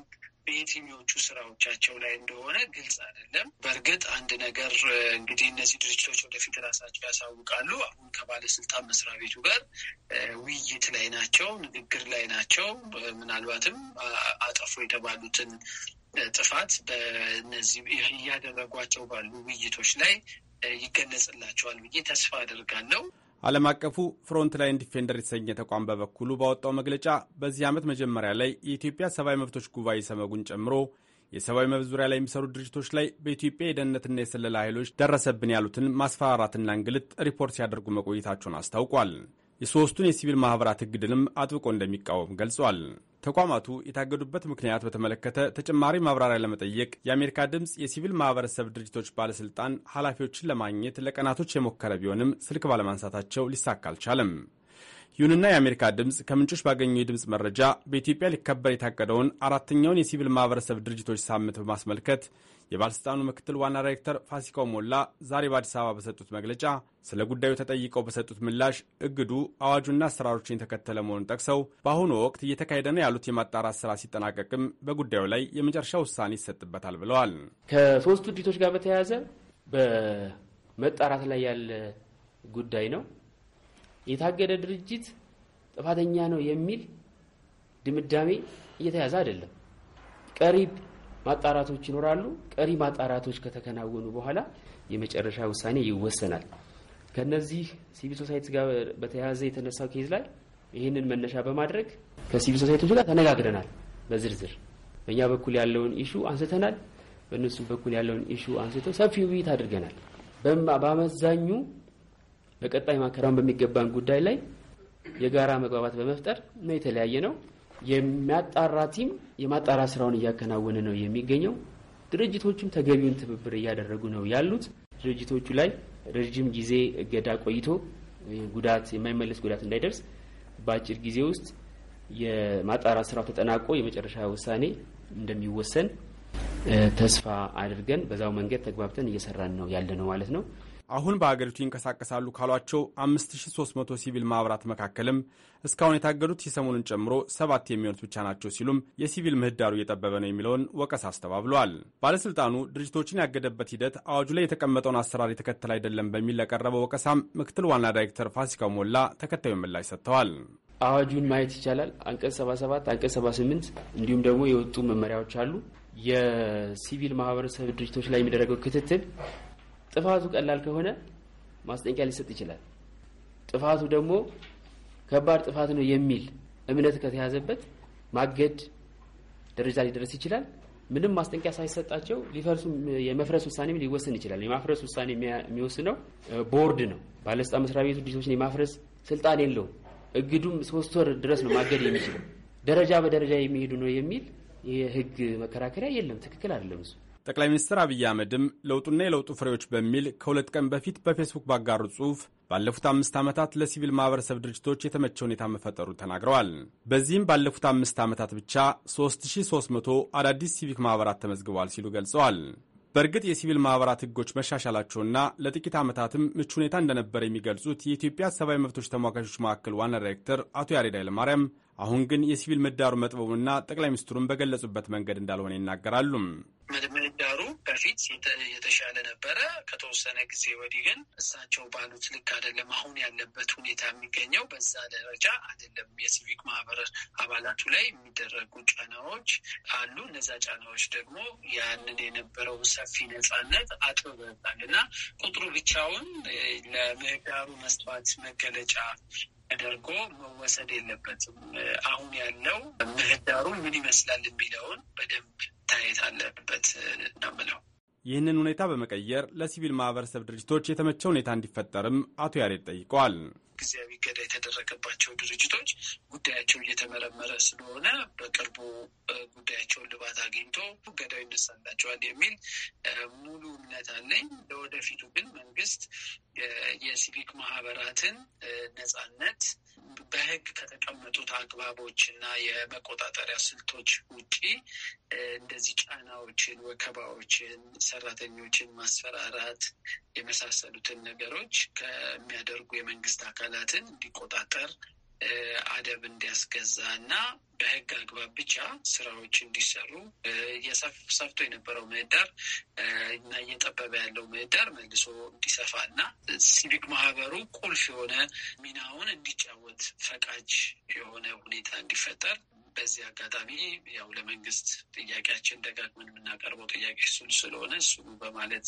Speaker 8: በየትኞቹ ስራዎቻቸው ላይ እንደሆነ ግልጽ አይደለም። በእርግጥ አንድ ነገር እንግዲህ እነዚህ ድርጅቶች ወደፊት ራሳቸው ያሳውቃሉ። አሁን ከባለስልጣን መስሪያ ቤቱ ጋር ውይይት ላይ ናቸው፣ ንግግር ላይ ናቸው። ምናልባትም አጠፉ የተባሉትን ጥፋት በእነዚህ እያደረጓቸው ባሉ ውይይቶች ላይ ይገለጽላቸዋል ብዬ ተስፋ
Speaker 3: አደርጋለሁ።
Speaker 7: ዓለም አቀፉ ፍሮንት ላይን ዲፌንደር የተሰኘ ተቋም በበኩሉ ባወጣው መግለጫ በዚህ ዓመት መጀመሪያ ላይ የኢትዮጵያ ሰብአዊ መብቶች ጉባኤ ሰመጉን ጨምሮ የሰብአዊ መብት ዙሪያ ላይ የሚሰሩ ድርጅቶች ላይ በኢትዮጵያ የደህንነትና የስለላ ኃይሎች ደረሰብን ያሉትን ማስፈራራትና እንግልት ሪፖርት ሲያደርጉ መቆየታቸውን አስታውቋል። የሶስቱን የሲቪል ማኅበራት እግድንም አጥብቆ እንደሚቃወም ገልጿል። ተቋማቱ የታገዱበት ምክንያት በተመለከተ ተጨማሪ ማብራሪያ ለመጠየቅ የአሜሪካ ድምፅ የሲቪል ማህበረሰብ ድርጅቶች ባለስልጣን ኃላፊዎችን ለማግኘት ለቀናቶች የሞከረ ቢሆንም ስልክ ባለማንሳታቸው ሊሳካ አልቻለም። ይሁንና የአሜሪካ ድምፅ ከምንጮች ባገኘው የድምፅ መረጃ በኢትዮጵያ ሊከበር የታቀደውን አራተኛውን የሲቪል ማህበረሰብ ድርጅቶች ሳምንት በማስመልከት የባለሥልጣኑ ምክትል ዋና ዳይሬክተር ፋሲካው ሞላ ዛሬ በአዲስ አበባ በሰጡት መግለጫ ስለ ጉዳዩ ተጠይቀው በሰጡት ምላሽ እግዱ አዋጁና አሰራሮችን የተከተለ መሆኑን ጠቅሰው በአሁኑ ወቅት እየተካሄደ ነው ያሉት የማጣራት ስራ ሲጠናቀቅም በጉዳዩ ላይ የመጨረሻ ውሳኔ ይሰጥበታል ብለዋል።
Speaker 9: ከሶስቱ ድርጅቶች ጋር በተያያዘ
Speaker 7: በመጣራት ላይ ያለ
Speaker 9: ጉዳይ ነው። የታገደ ድርጅት ጥፋተኛ ነው የሚል ድምዳሜ እየተያዘ አይደለም። ቀሪ ማጣራቶች ይኖራሉ። ቀሪ ማጣራቶች ከተከናወኑ በኋላ የመጨረሻ ውሳኔ ይወሰናል። ከነዚህ ሲቪል ሶሳይቲ ጋር በተያያዘ የተነሳው ኬዝ ላይ ይህንን መነሻ በማድረግ ከሲቪል ሶሳይቲዎች ጋር ተነጋግረናል። በዝርዝር በእኛ በኩል ያለውን ኢሹ አንስተናል። በእነሱም በኩል ያለውን ኢሹ አንስተው ሰፊ ውይይት አድርገናል። በአመዛኙ በቀጣይ ማከራውን በሚገባን ጉዳይ ላይ የጋራ መግባባት በመፍጠር ነው የተለያየ ነው። የሚያጣራ ቲም የማጣራ ስራውን እያከናወነ ነው የሚገኘው። ድርጅቶቹም ተገቢውን ትብብር እያደረጉ ነው ያሉት። ድርጅቶቹ ላይ ረዥም ጊዜ እገዳ ቆይቶ ጉዳት የማይመለስ ጉዳት እንዳይደርስ በአጭር ጊዜ ውስጥ የማጣራ ስራው ተጠናቆ የመጨረሻ ውሳኔ እንደሚወሰን ተስፋ
Speaker 7: አድርገን በዛው መንገድ ተግባብተን እየሰራን ነው ያለ ነው ማለት ነው። አሁን በአገሪቱ ይንቀሳቀሳሉ ካሏቸው 5300 ሲቪል ማኅበራት መካከልም እስካሁን የታገዱት የሰሞኑን ጨምሮ ሰባት የሚሆኑት ብቻ ናቸው ሲሉም የሲቪል ምህዳሩ እየጠበበ ነው የሚለውን ወቀሳ አስተባብለዋል። ባለሥልጣኑ ድርጅቶችን ያገደበት ሂደት አዋጁ ላይ የተቀመጠውን አሰራር የተከተለ አይደለም በሚል ለቀረበው ወቀሳም ምክትል ዋና ዳይሬክተር ፋሲካው ሞላ ተከታዩ ምላሽ ሰጥተዋል። አዋጁን ማየት ይቻላል። አንቀጽ
Speaker 9: 77 አንቀጽ 78 እንዲሁም ደግሞ የወጡ መመሪያዎች አሉ። የሲቪል ማህበረሰብ ድርጅቶች ላይ የሚደረገው ክትትል ጥፋቱ ቀላል ከሆነ ማስጠንቂያ ሊሰጥ ይችላል። ጥፋቱ ደግሞ ከባድ ጥፋት ነው የሚል እምነት ከተያዘበት ማገድ ደረጃ ሊደረስ ይችላል። ምንም ማስጠንቂያ ሳይሰጣቸው ሊፈርሱ የመፍረስ ውሳኔም ሊወሰን ይችላል። የማፍረስ ውሳኔ የሚወስነው ቦርድ ነው። ባለስልጣን መስሪያ ቤቱ ድርጅቶችን የማፍረስ ስልጣን የለውም። እግዱም ሶስት ወር ድረስ ነው ማገድ የሚችለው። ደረጃ በደረጃ የሚሄዱ ነው የሚል የህግ መከራከሪያ የለም። ትክክል አይደለም እሱ
Speaker 7: ጠቅላይ ሚኒስትር አብይ አህመድም ለውጡና የለውጡ ፍሬዎች በሚል ከሁለት ቀን በፊት በፌስቡክ ባጋሩ ጽሑፍ ባለፉት አምስት ዓመታት ለሲቪል ማህበረሰብ ድርጅቶች የተመቸ ሁኔታ መፈጠሩ ተናግረዋል። በዚህም ባለፉት አምስት ዓመታት ብቻ 3300 አዳዲስ ሲቪክ ማኅበራት ተመዝግበዋል ሲሉ ገልጸዋል። በእርግጥ የሲቪል ማኅበራት ህጎች መሻሻላቸውና ለጥቂት ዓመታትም ምቹ ሁኔታ እንደነበረ የሚገልጹት የኢትዮጵያ ሰብአዊ መብቶች ተሟጋቾች ማዕከል ዋና ዳይሬክተር አቶ ያሬድ ኃይለማርያም አሁን ግን የሲቪል ምህዳሩ መጥበቡና ጠቅላይ ሚኒስትሩን በገለጹበት መንገድ እንዳልሆነ ይናገራሉ።
Speaker 8: በፊት የተሻለ ነበረ። ከተወሰነ ጊዜ ወዲህ ግን እሳቸው ባሉት ልክ አይደለም። አሁን ያለበት ሁኔታ የሚገኘው በዛ ደረጃ አይደለም። የሲቪክ ማህበር አባላቱ ላይ የሚደረጉ ጫናዎች አሉ። እነዛ ጫናዎች ደግሞ ያንን የነበረው ሰፊ ነጻነት አጥበበታል እና ቁጥሩ ብቻውን ለምህዳሩ መስፋት መገለጫ ተደርጎ መወሰድ የለበትም። አሁን ያለው ምህዳሩ ምን ይመስላል የሚለውን በደንብ ታየት አለበት
Speaker 7: ነው የምለው። ይህንን ሁኔታ በመቀየር ለሲቪል ማህበረሰብ ድርጅቶች የተመቸ ሁኔታ እንዲፈጠርም አቶ ያሬድ ጠይቀዋል። ጊዜያዊ እገዳ
Speaker 8: የተደረገባቸው ድርጅቶች ጉዳያቸው እየተመረመረ ስለሆነ በቅርቡ ጉዳያቸውን ልባት አግኝቶ እገዳው ይነሳላቸዋል የሚል ሙሉ እምነት አለኝ። ለወደፊቱ ግን መንግስት የሲቪክ ማህበራትን ነጻነት በህግ ከተቀመጡት አግባቦች እና የመቆጣጠሪያ ስልቶች ውጪ እንደዚህ ጫናዎችን፣ ወከባዎችን፣ ሰራተኞችን ማስፈራራት የመሳሰሉትን ነገሮች ከሚያደርጉ የመንግስት አካላትን እንዲቆጣጠር አደብ እንዲያስገዛ እና በህግ አግባብ ብቻ ስራዎች እንዲሰሩ ሰፍቶ የነበረው ምህዳር እና እየጠበበ ያለው ምህዳር መልሶ እንዲሰፋ እና ሲቪክ ማህበሩ ቁልፍ የሆነ ሚናውን እንዲጫወት ፈቃጅ የሆነ ሁኔታ እንዲፈጠር በዚህ አጋጣሚ ያው ለመንግስት ጥያቄያችን ደጋግመን የምናቀርበው ጥያቄ እሱን ስለሆነ እሱ በማለት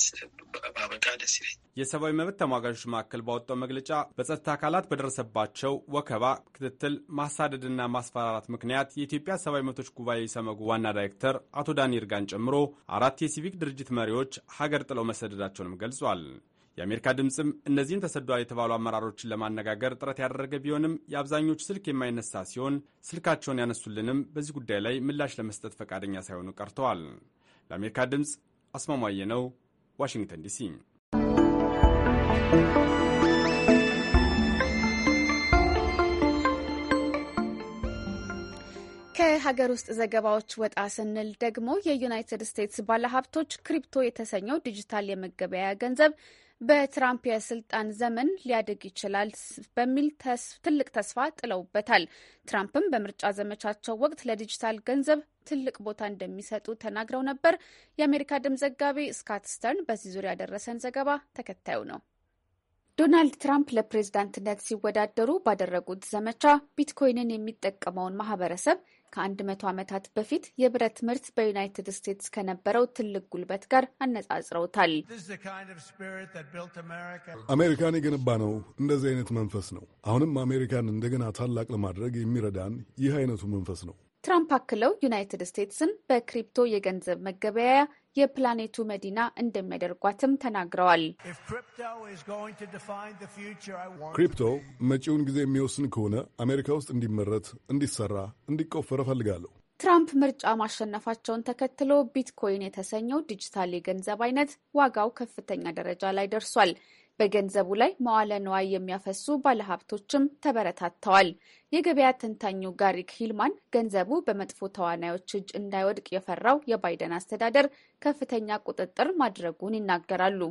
Speaker 8: ባበቃ ደስ ይለኝ።
Speaker 7: የሰብአዊ መብት ተሟጋቾች መካከል ባወጣው መግለጫ በጸጥታ አካላት በደረሰባቸው ወከባ፣ ክትትል፣ ማሳደድና ማስፈራራት ምክንያት የኢትዮጵያ ሰብአዊ መብቶች ጉባኤ ሰመጉ ዋና ዳይሬክተር አቶ ዳኒ እርጋን ጨምሮ አራት የሲቪክ ድርጅት መሪዎች ሀገር ጥለው መሰደዳቸውንም ገልጿል። የአሜሪካ ድምፅም እነዚህን ተሰዷል የተባሉ አመራሮችን ለማነጋገር ጥረት ያደረገ ቢሆንም የአብዛኞቹ ስልክ የማይነሳ ሲሆን ስልካቸውን ያነሱልንም በዚህ ጉዳይ ላይ ምላሽ ለመስጠት ፈቃደኛ ሳይሆኑ ቀርተዋል። ለአሜሪካ ድምፅ አስማማየ ነው፣ ዋሽንግተን ዲሲ።
Speaker 1: ከሀገር ውስጥ ዘገባዎች ወጣ ስንል ደግሞ የዩናይትድ ስቴትስ ባለሀብቶች ክሪፕቶ የተሰኘው ዲጂታል የመገበያያ ገንዘብ በትራምፕ የስልጣን ዘመን ሊያድግ ይችላል በሚል ትልቅ ተስፋ ጥለውበታል። ትራምፕም በምርጫ ዘመቻቸው ወቅት ለዲጂታል ገንዘብ ትልቅ ቦታ እንደሚሰጡ ተናግረው ነበር። የአሜሪካ ድምፅ ዘጋቢ ስካት ስተርን በዚህ ዙሪያ ያደረሰን ዘገባ ተከታዩ ነው። ዶናልድ ትራምፕ ለፕሬዝዳንትነት ሲወዳደሩ ባደረጉት ዘመቻ ቢትኮይንን የሚጠቀመውን ማህበረሰብ ከ100 ዓመታት በፊት የብረት ምርት በዩናይትድ ስቴትስ ከነበረው ትልቅ ጉልበት ጋር አነጻጽረውታል።
Speaker 10: አሜሪካን የገነባ ነው እንደዚህ አይነት መንፈስ ነው። አሁንም አሜሪካን እንደገና ታላቅ ለማድረግ የሚረዳን ይህ አይነቱ መንፈስ ነው።
Speaker 1: ትራምፕ አክለው ዩናይትድ ስቴትስን በክሪፕቶ የገንዘብ መገበያያ የፕላኔቱ መዲና እንደሚያደርጓትም ተናግረዋል።
Speaker 10: ክሪፕቶ መጪውን ጊዜ የሚወስን ከሆነ አሜሪካ ውስጥ እንዲመረት፣ እንዲሰራ፣ እንዲቆፈር እፈልጋለሁ።
Speaker 1: ትራምፕ ምርጫ ማሸነፋቸውን ተከትሎ ቢትኮይን የተሰኘው ዲጂታል የገንዘብ አይነት ዋጋው ከፍተኛ ደረጃ ላይ ደርሷል። በገንዘቡ ላይ መዋለ ንዋይ የሚያፈሱ ባለሀብቶችም ተበረታተዋል። የገበያ ተንታኙ ጋሪክ ሂልማን ገንዘቡ በመጥፎ ተዋናዮች እጅ እንዳይወድቅ የፈራው የባይደን አስተዳደር ከፍተኛ ቁጥጥር ማድረጉን ይናገራሉ።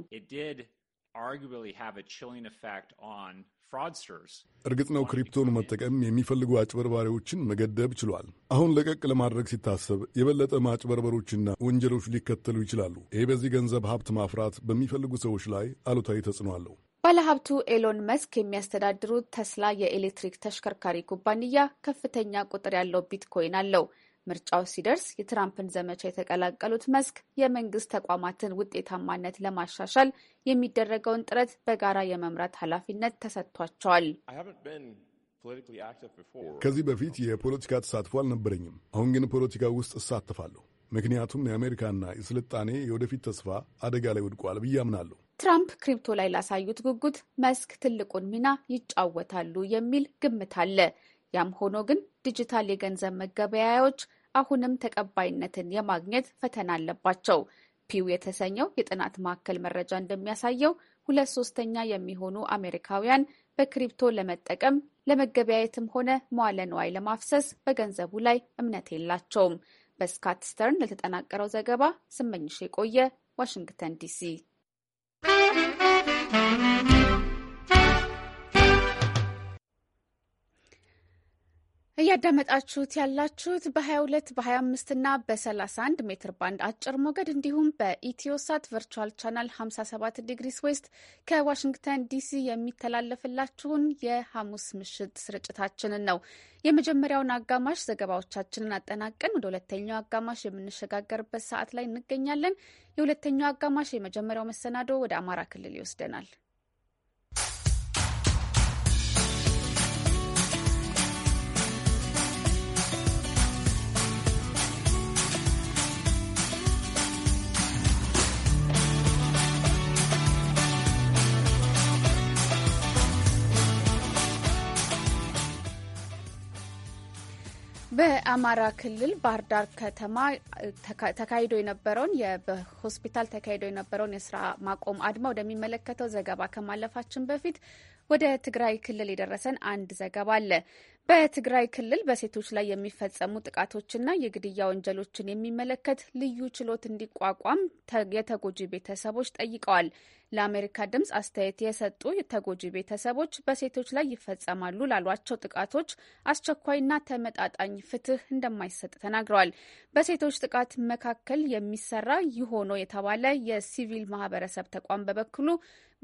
Speaker 10: እርግጥ ነው ክሪፕቶን መጠቀም የሚፈልጉ አጭበርባሪዎችን መገደብ ችሏል። አሁን ለቀቅ ለማድረግ ሲታሰብ የበለጠ ማጭበርበሮችና ወንጀሎች ሊከተሉ ይችላሉ። ይህ በዚህ ገንዘብ ሀብት ማፍራት በሚፈልጉ ሰዎች ላይ አሉታዊ ተጽዕኖ አለው።
Speaker 1: ባለሀብቱ ኤሎን መስክ የሚያስተዳድሩት ተስላ የኤሌክትሪክ ተሽከርካሪ ኩባንያ ከፍተኛ ቁጥር ያለው ቢትኮይን አለው። ምርጫው ሲደርስ የትራምፕን ዘመቻ የተቀላቀሉት መስክ የመንግስት ተቋማትን ውጤታማነት ለማሻሻል የሚደረገውን ጥረት በጋራ የመምራት ኃላፊነት ተሰጥቷቸዋል። ከዚህ
Speaker 10: በፊት የፖለቲካ ተሳትፎ አልነበረኝም። አሁን ግን ፖለቲካ ውስጥ እሳተፋለሁ፣ ምክንያቱም የአሜሪካና የስልጣኔ የወደፊት ተስፋ አደጋ ላይ ወድቋል ብዬ አምናለሁ።
Speaker 1: ትራምፕ ክሪፕቶ ላይ ላሳዩት ጉጉት መስክ ትልቁን ሚና ይጫወታሉ የሚል ግምት አለ። ያም ሆኖ ግን ዲጂታል የገንዘብ መገበያያዎች አሁንም ተቀባይነትን የማግኘት ፈተና አለባቸው። ፒው የተሰኘው የጥናት ማዕከል መረጃ እንደሚያሳየው ሁለት ሶስተኛ የሚሆኑ አሜሪካውያን በክሪፕቶ ለመጠቀም ለመገበያየትም ሆነ መዋለ ንዋይ ለማፍሰስ በገንዘቡ ላይ እምነት የላቸውም። በስካት ስተርን ለተጠናቀረው ዘገባ ስመኝሽ የቆየ ዋሽንግተን ዲሲ እያዳመጣችሁት ያላችሁት በ22 በ25 እና በ31 ሜትር ባንድ አጭር ሞገድ እንዲሁም በኢትዮሳት ቨርቹዋል ቻናል 57 ዲግሪስ ዌስት ከዋሽንግተን ዲሲ የሚተላለፍላችሁን የሐሙስ ምሽት ስርጭታችንን ነው። የመጀመሪያውን አጋማሽ ዘገባዎቻችንን አጠናቀን ወደ ሁለተኛው አጋማሽ የምንሸጋገርበት ሰዓት ላይ እንገኛለን። የሁለተኛው አጋማሽ የመጀመሪያው መሰናዶ ወደ አማራ ክልል ይወስደናል። በአማራ ክልል ባህር ዳር ከተማ ተካሂዶ የነበረውን በሆስፒታል ተካሂዶ የነበረውን የስራ ማቆም አድማ ወደሚመለከተው ዘገባ ከማለፋችን በፊት ወደ ትግራይ ክልል የደረሰን አንድ ዘገባ አለ። በትግራይ ክልል በሴቶች ላይ የሚፈጸሙ ጥቃቶችና የግድያ ወንጀሎችን የሚመለከት ልዩ ችሎት እንዲቋቋም የተጎጂ ቤተሰቦች ጠይቀዋል። ለአሜሪካ ድምፅ አስተያየት የሰጡ የተጎጂ ቤተሰቦች በሴቶች ላይ ይፈጸማሉ ላሏቸው ጥቃቶች አስቸኳይና ተመጣጣኝ ፍትህ እንደማይሰጥ ተናግረዋል። በሴቶች ጥቃት መካከል የሚሰራ ይሆኖ የተባለ የሲቪል ማህበረሰብ ተቋም በበኩሉ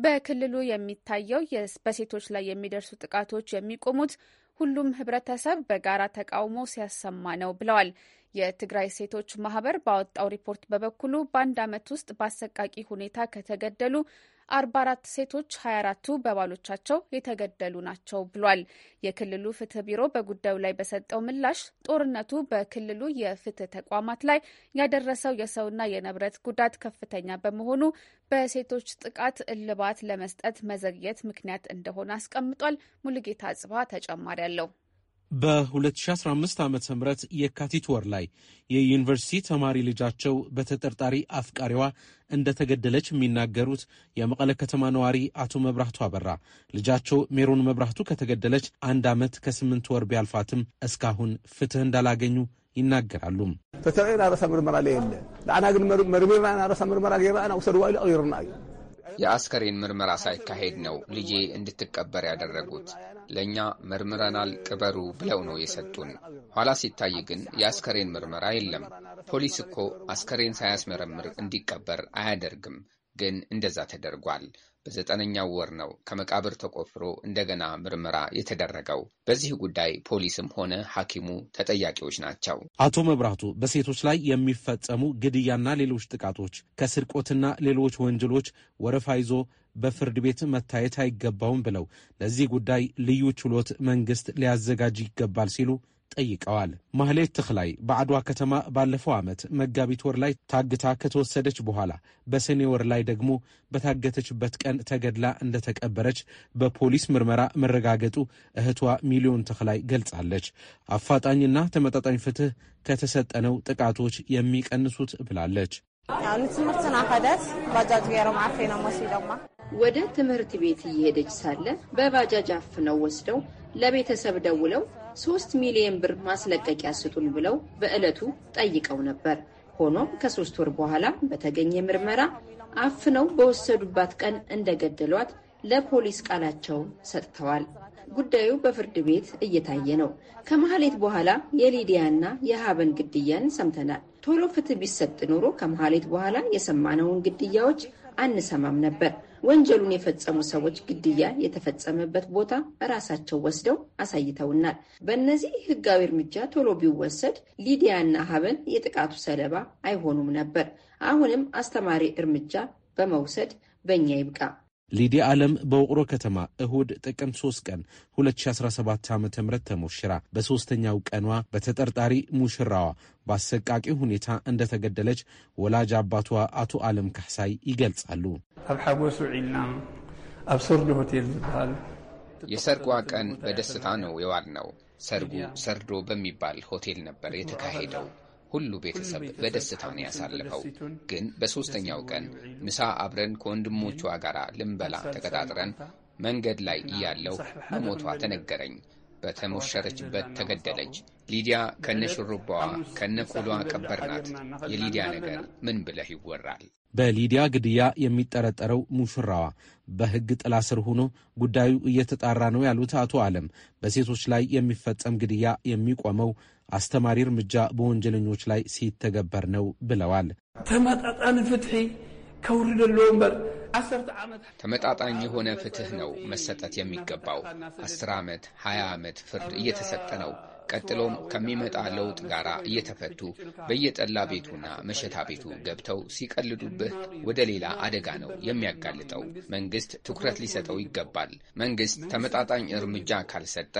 Speaker 1: በክልሉ የሚታየው በሴቶች ላይ የሚደርሱ ጥቃቶች የሚቆሙት ሁሉም ህብረተሰብ በጋራ ተቃውሞ ሲያሰማ ነው ብለዋል። የትግራይ ሴቶች ማህበር ባወጣው ሪፖርት በበኩሉ በአንድ ዓመት ውስጥ በአሰቃቂ ሁኔታ ከተገደሉ 44 ሴቶች 24 ቱ በባሎቻቸው የተገደሉ ናቸው ብሏል። የክልሉ ፍትህ ቢሮ በጉዳዩ ላይ በሰጠው ምላሽ ጦርነቱ በክልሉ የፍትህ ተቋማት ላይ ያደረሰው የሰውና የንብረት ጉዳት ከፍተኛ በመሆኑ በሴቶች ጥቃት እልባት ለመስጠት መዘግየት ምክንያት እንደሆነ አስቀምጧል። ሙሉጌታ ጽባ ተጨማሪ አለው።
Speaker 5: በ2015 ዓ ም የካቲት ወር ላይ የዩኒቨርሲቲ ተማሪ ልጃቸው በተጠርጣሪ አፍቃሪዋ እንደተገደለች የሚናገሩት የመቀለ ከተማ ነዋሪ አቶ መብራህቱ አበራ ልጃቸው ሜሮን መብራህቱ ከተገደለች አንድ ዓመት ከስምንት ወር ቢያልፋትም እስካሁን ፍትህ እንዳላገኙ ይናገራሉ።
Speaker 6: ተተረአና ረሳ ምርመራ ለየለ ንዓና ግን መርሜርና ረሳ ምርመራ ገይረአና ውሰድዋ ኢሉ ኣቅይርና እዩ
Speaker 2: የአስከሬን ምርመራ ሳይካሄድ ነው ልጄ እንድትቀበር ያደረጉት። ለእኛ መርምረናል ቅበሩ ብለው ነው የሰጡን። ኋላ ሲታይ ግን የአስከሬን ምርመራ የለም። ፖሊስ እኮ አስከሬን ሳያስመረምር እንዲቀበር አያደርግም፣ ግን እንደዛ ተደርጓል። በዘጠነኛው ወር ነው ከመቃብር ተቆፍሮ እንደገና ምርመራ የተደረገው። በዚህ ጉዳይ ፖሊስም ሆነ ሐኪሙ ተጠያቂዎች
Speaker 5: ናቸው። አቶ መብራቱ በሴቶች ላይ የሚፈጸሙ ግድያና ሌሎች ጥቃቶች ከስርቆትና ሌሎች ወንጀሎች ወረፋ ይዞ በፍርድ ቤት መታየት አይገባውም ብለው ለዚህ ጉዳይ ልዩ ችሎት መንግስት ሊያዘጋጅ ይገባል ሲሉ ጠይቀዋል። ማህሌት ትክላይ በአድዋ ከተማ ባለፈው ዓመት መጋቢት ወር ላይ ታግታ ከተወሰደች በኋላ በሰኔ ወር ላይ ደግሞ በታገተችበት ቀን ተገድላ እንደተቀበረች በፖሊስ ምርመራ መረጋገጡ እህቷ ሚሊዮን ተክላይ ገልጻለች። አፋጣኝና ተመጣጣኝ ፍትህ ከተሰጠነው ጥቃቶች የሚቀንሱት ብላለች።
Speaker 11: ወደ ትምህርት ቤት እየሄደች ሳለ በባጃጅ አፍነው ወስደው ለቤተሰብ ደውለው ሶስት ሚሊዮን ብር ማስለቀቂያ ስጡን ብለው በዕለቱ ጠይቀው ነበር። ሆኖም ከሶስት ወር በኋላ በተገኘ ምርመራ አፍነው በወሰዱባት ቀን እንደገደሏት ለፖሊስ ቃላቸው ሰጥተዋል። ጉዳዩ በፍርድ ቤት እየታየ ነው። ከመሐሌት በኋላ የሊዲያና የሀበን ግድያን ሰምተናል። ቶሎ ፍትህ ቢሰጥ ኖሮ ከመሐሌት በኋላ የሰማነውን ግድያዎች አንሰማም ነበር። ወንጀሉን የፈጸሙ ሰዎች ግድያ የተፈጸመበት ቦታ እራሳቸው ወስደው አሳይተውናል። በእነዚህ ህጋዊ እርምጃ ቶሎ ቢወሰድ ሊዲያና ሀበን የጥቃቱ ሰለባ አይሆኑም ነበር። አሁንም አስተማሪ እርምጃ በመውሰድ በእኛ ይብቃ።
Speaker 5: ሊዲያ ዓለም በውቅሮ ከተማ እሁድ ጥቅምት 3 ቀን 2017 ዓ ም ተሞሽራ በሦስተኛው ቀኗ በተጠርጣሪ ሙሽራዋ በአሰቃቂ ሁኔታ እንደተገደለች ወላጅ አባቷ አቶ ዓለም
Speaker 12: ካሕሳይ ይገልጻሉ። ኣብ ሓጎሱ ዒልና ኣብ ሰርዶ ሆቴል ዝበሃል
Speaker 2: የሰርጓ ቀን በደስታ ነው የዋልነው። ሰርጉ ሰርዶ በሚባል ሆቴል ነበር የተካሄደው። ሁሉ ቤተሰብ በደስታ ነው ያሳለፈው። ግን በሦስተኛው ቀን ምሳ አብረን ከወንድሞቿ ጋር ልንበላ ተቀጣጥረን መንገድ ላይ እያለሁ መሞቷ ተነገረኝ። በተሞሸረችበት ተገደለች። ሊዲያ ከነ ሽሩባዋ ከነ ቆሏ ቀበርናት። የሊዲያ ነገር ምን ብለህ ይወራል?
Speaker 5: በሊዲያ ግድያ የሚጠረጠረው ሙሽራዋ በሕግ ጥላ ስር ሆኖ ጉዳዩ እየተጣራ ነው ያሉት አቶ አለም በሴቶች ላይ የሚፈጸም ግድያ የሚቆመው አስተማሪ እርምጃ በወንጀለኞች ላይ ሲተገበር ነው ብለዋል።
Speaker 8: ተመጣጣን ፍትሒ ከውርደሎ እምበር
Speaker 2: ተመጣጣኝ የሆነ ፍትህ ነው መሰጠት የሚገባው። አስር ዓመት ሀያ ዓመት ፍርድ እየተሰጠ ነው። ቀጥሎም ከሚመጣ ለውጥ ጋር እየተፈቱ በየጠላ ቤቱና መሸታ ቤቱ ገብተው ሲቀልዱብህ ወደ ሌላ አደጋ ነው የሚያጋልጠው። መንግስት ትኩረት ሊሰጠው ይገባል። መንግስት ተመጣጣኝ እርምጃ ካልሰጠ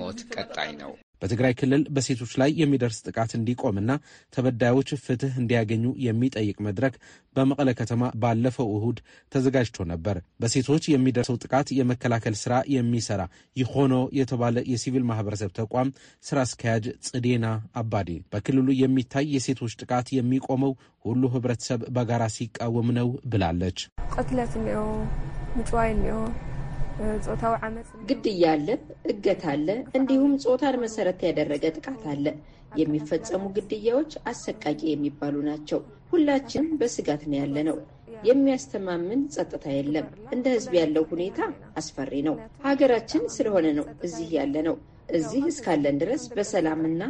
Speaker 2: ሞት ቀጣይ ነው።
Speaker 5: በትግራይ ክልል በሴቶች ላይ የሚደርስ ጥቃት እንዲቆምና ተበዳዮች ፍትህ እንዲያገኙ የሚጠይቅ መድረክ በመቀለ ከተማ ባለፈው እሁድ ተዘጋጅቶ ነበር። በሴቶች የሚደርሰው ጥቃት የመከላከል ስራ የሚሰራ ይሆኖ የተባለ የሲቪል ማህበረሰብ ተቋም ስራ አስኪያጅ ጽዴና አባዴ በክልሉ የሚታይ የሴቶች ጥቃት የሚቆመው ሁሉ ህብረተሰብ በጋራ ሲቃወም ነው ብላለች።
Speaker 11: ቅትለት እኒኦ ምጭዋይ እኒኦ ጾታዊ አመፅ፣ ግድያ አለ፣ እገት አለ፣ እንዲሁም ጾታን መሰረት ያደረገ ጥቃት አለ። የሚፈጸሙ ግድያዎች አሰቃቂ የሚባሉ ናቸው። ሁላችንም በስጋት ነው ያለ ነው። የሚያስተማምን ጸጥታ የለም። እንደ ህዝብ ያለው ሁኔታ አስፈሪ ነው። ሀገራችን ስለሆነ ነው እዚህ ያለ ነው። እዚህ እስካለን ድረስ በሰላምና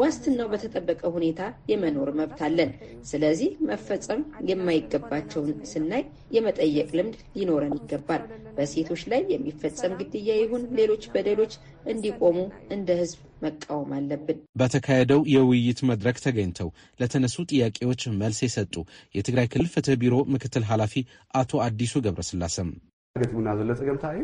Speaker 11: ዋስትናው በተጠበቀ ሁኔታ የመኖር መብት አለን። ስለዚህ መፈጸም የማይገባቸውን ስናይ የመጠየቅ ልምድ ሊኖረን ይገባል። በሴቶች ላይ የሚፈጸም ግድያ ይሁን ሌሎች በደሎች እንዲቆሙ እንደ ህዝብ መቃወም አለብን።
Speaker 5: በተካሄደው የውይይት መድረክ ተገኝተው ለተነሱ ጥያቄዎች መልስ የሰጡ የትግራይ ክልል ፍትህ ቢሮ ምክትል ኃላፊ አቶ አዲሱ ገብረስላሰም ገጢሙና ዘሎ ፀገምታ እዩ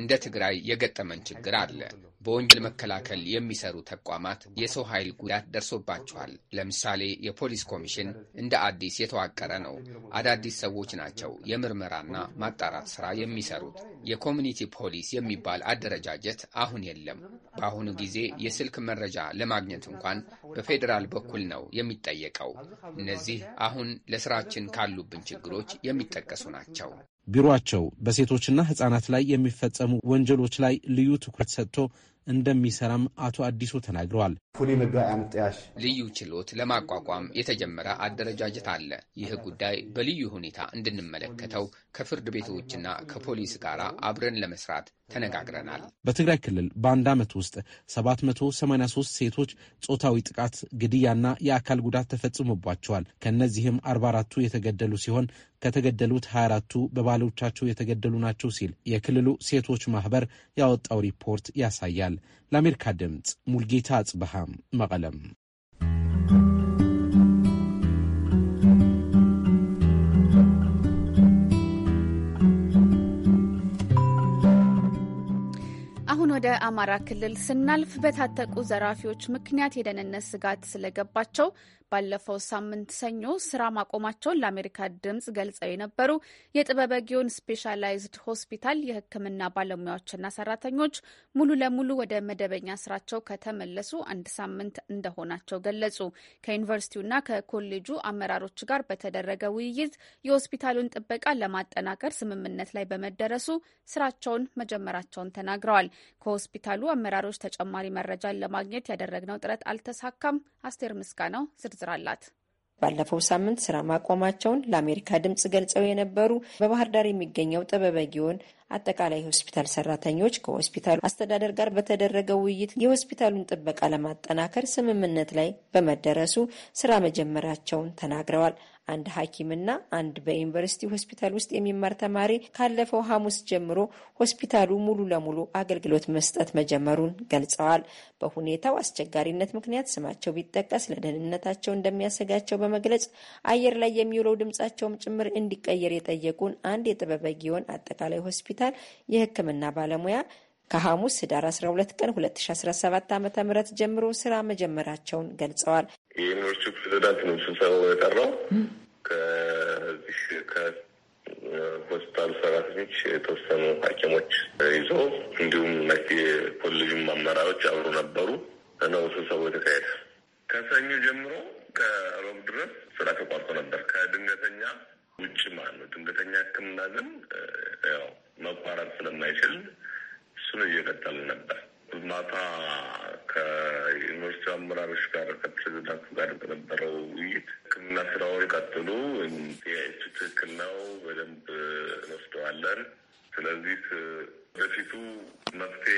Speaker 2: እንደ ትግራይ የገጠመን ችግር አለ። በወንጀል መከላከል የሚሰሩ ተቋማት የሰው ኃይል ጉዳት ደርሶባቸዋል። ለምሳሌ የፖሊስ ኮሚሽን እንደ አዲስ የተዋቀረ ነው። አዳዲስ ሰዎች ናቸው የምርመራና ማጣራት ስራ የሚሰሩት። የኮሚኒቲ ፖሊስ የሚባል አደረጃጀት አሁን የለም። በአሁኑ ጊዜ የስልክ መረጃ ለማግኘት እንኳን በፌዴራል በኩል ነው የሚጠየቀው። እነዚህ አሁን ለስራችን ካሉብን ችግሮች የሚጠቀሱ ናቸው።
Speaker 5: ቢሮአቸው በሴቶችና ህጻናት ላይ የሚፈጸሙ ወንጀሎች ላይ ልዩ ትኩረት ሰጥቶ እንደሚሰራም አቶ አዲሱ ተናግረዋል።
Speaker 2: ልዩ ችሎት ለማቋቋም የተጀመረ አደረጃጀት አለ። ይህ ጉዳይ በልዩ ሁኔታ እንድንመለከተው ከፍርድ ቤቶችና ከፖሊስ ጋር አብረን ለመስራት ተነጋግረናል።
Speaker 5: በትግራይ ክልል በአንድ ዓመት ውስጥ 783 ሴቶች ጾታዊ ጥቃት፣ ግድያና የአካል ጉዳት ተፈጽሞባቸዋል። ከእነዚህም 44ቱ የተገደሉ ሲሆን ከተገደሉት 24ቱ በባሎቻቸው የተገደሉ ናቸው ሲል የክልሉ ሴቶች ማኅበር ያወጣው ሪፖርት ያሳያል። ለአሜሪካ ድምፅ ሙልጌታ አጽበሃም መቀለም
Speaker 1: ወደ አማራ ክልል ስናልፍ በታጠቁ ዘራፊዎች ምክንያት የደህንነት ስጋት ስለገባቸው ባለፈው ሳምንት ሰኞ ስራ ማቆማቸውን ለአሜሪካ ድምጽ ገልጸው የነበሩ የጥበበጊዮን ስፔሻላይዝድ ሆስፒታል የሕክምና ባለሙያዎችና ሰራተኞች ሙሉ ለሙሉ ወደ መደበኛ ስራቸው ከተመለሱ አንድ ሳምንት እንደሆናቸው ገለጹ። ከዩኒቨርሲቲውና ከኮሌጁ አመራሮች ጋር በተደረገ ውይይት የሆስፒታሉን ጥበቃ ለማጠናከር ስምምነት ላይ በመደረሱ ስራቸውን መጀመራቸውን ተናግረዋል። ከሆስፒታሉ አመራሮች ተጨማሪ መረጃን ለማግኘት ያደረግነው ጥረት አልተሳካም። አስቴር ምስጋናው ዝርዝር ሚኒስትር አላት።
Speaker 11: ባለፈው ሳምንት ስራ ማቆማቸውን ለአሜሪካ ድምፅ ገልጸው የነበሩ በባህር ዳር የሚገኘው ጥበበ ጊዮን አጠቃላይ የሆስፒታል ሰራተኞች ከሆስፒታሉ አስተዳደር ጋር በተደረገ ውይይት የሆስፒታሉን ጥበቃ ለማጠናከር ስምምነት ላይ በመደረሱ ስራ መጀመራቸውን ተናግረዋል። አንድ ሐኪምና አንድ በዩኒቨርሲቲ ሆስፒታል ውስጥ የሚማር ተማሪ ካለፈው ሐሙስ ጀምሮ ሆስፒታሉ ሙሉ ለሙሉ አገልግሎት መስጠት መጀመሩን ገልጸዋል። በሁኔታው አስቸጋሪነት ምክንያት ስማቸው ቢጠቀስ ለደህንነታቸው እንደሚያሰጋቸው በመግለጽ አየር ላይ የሚውለው ድምጻቸውም ጭምር እንዲቀየር የጠየቁን አንድ የጥበበ ጊዮን አጠቃላይ ሆስፒታል የሕክምና ባለሙያ ከሐሙስ ህዳር 12 ቀን 2017 ዓ ም ጀምሮ ስራ መጀመራቸውን ገልጸዋል።
Speaker 13: የዩኒቨርሲቲ ፕሬዚዳንት ነው ስብሰባው የጠራው። ከዚህ ከሆስፒታል ሰራተኞች የተወሰኑ ሐኪሞች ይዞ እንዲሁም የኮሌጅም አመራሮች አብሮ ነበሩ ነው ስብሰባው የተካሄደ። ከሰኞ ጀምሮ ከሮብ ድረስ ስራ ተቋርጦ ነበር። ከድንገተኛ ውጭ ማለት ነው። ድንገተኛ ህክምና ግን ያው መቋረጥ ስለማይችል እሱን እየቀጠል ነበር። ማታ ከዩኒቨርስቲ አመራሮች ጋር ከፕሬዚዳንቱ ጋር በነበረው ውይይት ሕክምና ስራውን ቀጥሉ፣ ጥያቄቱ ትክክል ነው፣ በደንብ እንወስደዋለን። ስለዚህ በፊቱ መፍትሄ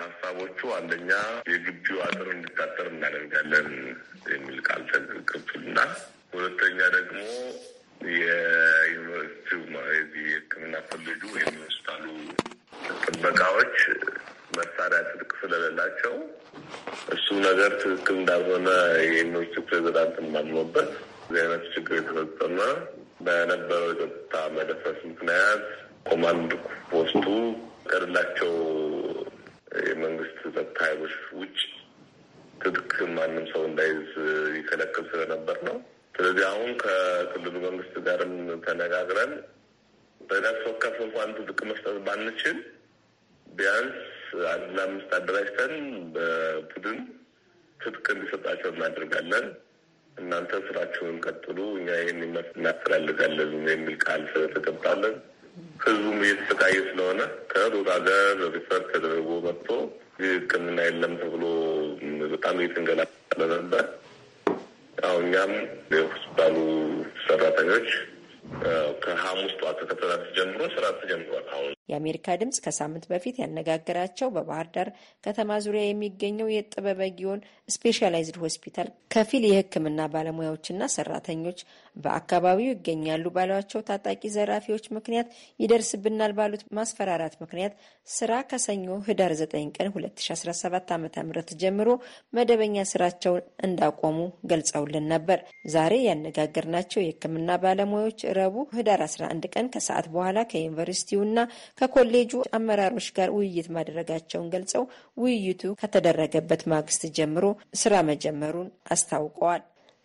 Speaker 13: ሀሳቦቹ አንደኛ የግቢው አጥር እንዲታጠር እናደርጋለን የሚል ቃል ተገብቶልና፣ ሁለተኛ ደግሞ የዩኒቨርስቲው የህክምና ኮሌጁ ወይም ሆስፒታሉ ጥበቃዎች መሳሪያ ትጥቅ ስለሌላቸው እሱ ነገር ትክክል እንዳልሆነ የዩኒቨርስቲ ፕሬዚዳንት ማምኖበት እዚህ አይነት ችግር የተፈጸመ በነበረው የጸጥታ መደፈስ ምክንያት ኮማንድ ፖስቱ ከሌላቸው የመንግስት ጸጥታ ኃይሎች ውጭ ትጥቅ ማንም ሰው እንዳይዝ ይከለክል ስለነበር ነው። ስለዚህ አሁን ከክልሉ መንግስት ጋርም ተነጋግረን በነፍስ ወከፍ እንኳን ትጥቅ መስጠት ባንችል ቢያንስ አንድና አምስት አደራጅተን በቡድን ትጥቅ እንዲሰጣቸው እናደርጋለን። እናንተ ስራችሁን ቀጥሉ፣ እኛ ይህን እናፈላልጋለን የሚል ቃል ስለተገባለን ህዝቡም እየተሰቃየ ስለሆነ ከሩቅ ሀገር ሪፈር ተደርጎ መጥቶ ሕክምና የለም ተብሎ በጣም እየተንገላለ ነበር። አሁን እኛም የሆስፒታሉ ሰራተኞች ከሐሙስ ጠዋት ከሰላት ጀምሮ ስራ ተጀምሯል። አሁን
Speaker 11: የአሜሪካ ድምፅ ከሳምንት በፊት ያነጋገራቸው በባህር ዳር ከተማ ዙሪያ የሚገኘው የጥበበጊዮን ስፔሻላይዝድ ሆስፒታል ከፊል የሕክምና ባለሙያዎችና ሰራተኞች በአካባቢው ይገኛሉ ባሏቸው ታጣቂ ዘራፊዎች ምክንያት ይደርስብናል ባሉት ማስፈራራት ምክንያት ስራ ከሰኞ ህዳር 9 ቀን 2017 ዓ ም ጀምሮ መደበኛ ስራቸውን እንዳቆሙ ገልጸውልን ነበር። ዛሬ ያነጋገርናቸው የህክምና ባለሙያዎች ረቡዕ ህዳር 11 ቀን ከሰዓት በኋላ ከዩኒቨርሲቲውና ከኮሌጁ አመራሮች ጋር ውይይት ማድረጋቸውን ገልጸው ውይይቱ ከተደረገበት ማግስት ጀምሮ ስራ መጀመሩን አስታውቀዋል።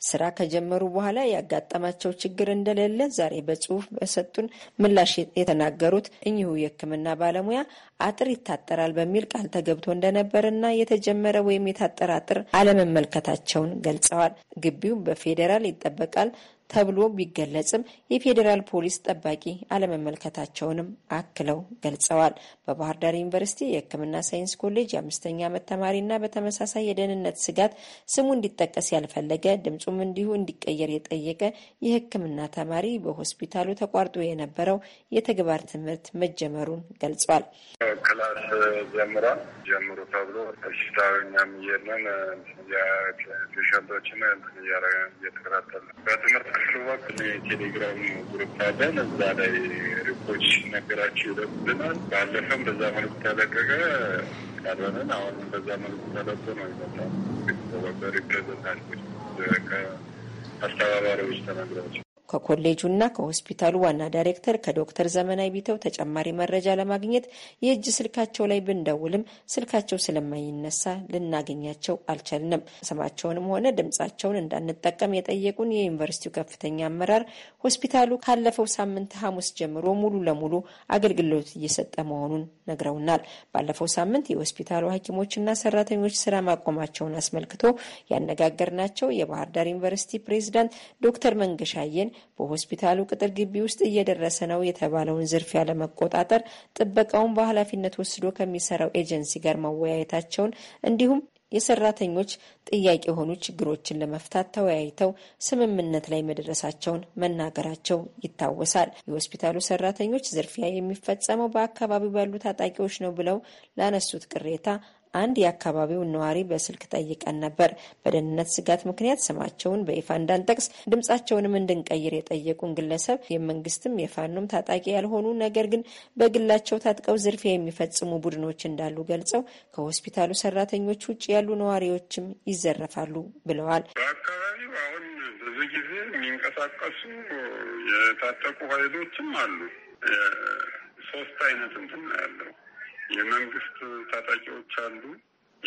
Speaker 11: ስራ ከጀመሩ በኋላ ያጋጠማቸው ችግር እንደሌለ ዛሬ በጽሁፍ በሰጡን ምላሽ የተናገሩት እኚሁ የሕክምና ባለሙያ አጥር ይታጠራል በሚል ቃል ተገብቶ እንደነበርና የተጀመረ ወይም የታጠረ አጥር አለመመልከታቸውን ገልጸዋል። ግቢው በፌዴራል ይጠበቃል፣ ተብሎ ቢገለጽም የፌዴራል ፖሊስ ጠባቂ አለመመልከታቸውንም አክለው ገልጸዋል። በባህር ዳር ዩኒቨርሲቲ የሕክምና ሳይንስ ኮሌጅ የአምስተኛ ዓመት ተማሪና በተመሳሳይ የደህንነት ስጋት ስሙ እንዲጠቀስ ያልፈለገ ድምፁም እንዲሁ እንዲቀየር የጠየቀ የሕክምና ተማሪ በሆስፒታሉ ተቋርጦ የነበረው የተግባር ትምህርት መጀመሩን ገልጿል። ክላስ ጀምሯል ጀምሩ ተብሎ በሽታኛም የለን
Speaker 13: እያረ እየተከታተል በትምህርት ክልዋክ የቴሌግራም ግሩፕ አለን። እዛ ላይ ሪፖች ነገራቸው ይለቁልናል። ባለፈም በዛ መልኩ ተለቀቀ። ካልሆነን አሁንም በዛ መልኩ ተለቆ ነው
Speaker 11: ይመጣል። ሪፕሬዘንታንቶች ከአስተባባሪዎች ተናግራቸው ከኮሌጁና ከሆስፒታሉ ዋና ዳይሬክተር ከዶክተር ዘመናዊ ቢተው ተጨማሪ መረጃ ለማግኘት የእጅ ስልካቸው ላይ ብንደውልም ስልካቸው ስለማይነሳ ልናገኛቸው አልቻልንም። ስማቸውንም ሆነ ድምጻቸውን እንዳንጠቀም የጠየቁን የዩኒቨርሲቲው ከፍተኛ አመራር ሆስፒታሉ ካለፈው ሳምንት ሐሙስ ጀምሮ ሙሉ ለሙሉ አገልግሎት እየሰጠ መሆኑን ነግረውናል። ባለፈው ሳምንት የሆስፒታሉ ሐኪሞችና ሰራተኞች ስራ ማቆማቸውን አስመልክቶ ያነጋገርናቸው የባህር ዳር ዩኒቨርሲቲ ፕሬዚዳንት ዶክተር መንገሻየን በሆስፒታሉ ቅጥር ግቢ ውስጥ እየደረሰ ነው የተባለውን ዝርፊያ ለመቆጣጠር ጥበቃውን በኃላፊነት ወስዶ ከሚሰራው ኤጀንሲ ጋር መወያየታቸውን እንዲሁም የሰራተኞች ጥያቄ የሆኑ ችግሮችን ለመፍታት ተወያይተው ስምምነት ላይ መድረሳቸውን መናገራቸው ይታወሳል። የሆስፒታሉ ሰራተኞች ዝርፊያ የሚፈጸመው በአካባቢው ባሉ ታጣቂዎች ነው ብለው ላነሱት ቅሬታ አንድ የአካባቢውን ነዋሪ በስልክ ጠይቀን ነበር። በደህንነት ስጋት ምክንያት ስማቸውን በይፋ እንዳንጠቅስ ድምጻቸውንም እንድንቀይር የጠየቁን ግለሰብ የመንግስትም የፋኖም ታጣቂ ያልሆኑ ነገር ግን በግላቸው ታጥቀው ዝርፊያ የሚፈጽሙ ቡድኖች እንዳሉ ገልጸው ከሆስፒታሉ ሰራተኞች ውጭ ያሉ ነዋሪዎችም ይዘረፋሉ ብለዋል። በአካባቢው አሁን ብዙ ጊዜ
Speaker 13: የሚንቀሳቀሱ የታጠቁ ኃይሎችም አሉ። ሶስት አይነት እንትን ያለው የመንግስት ታጣቂዎች አሉ፣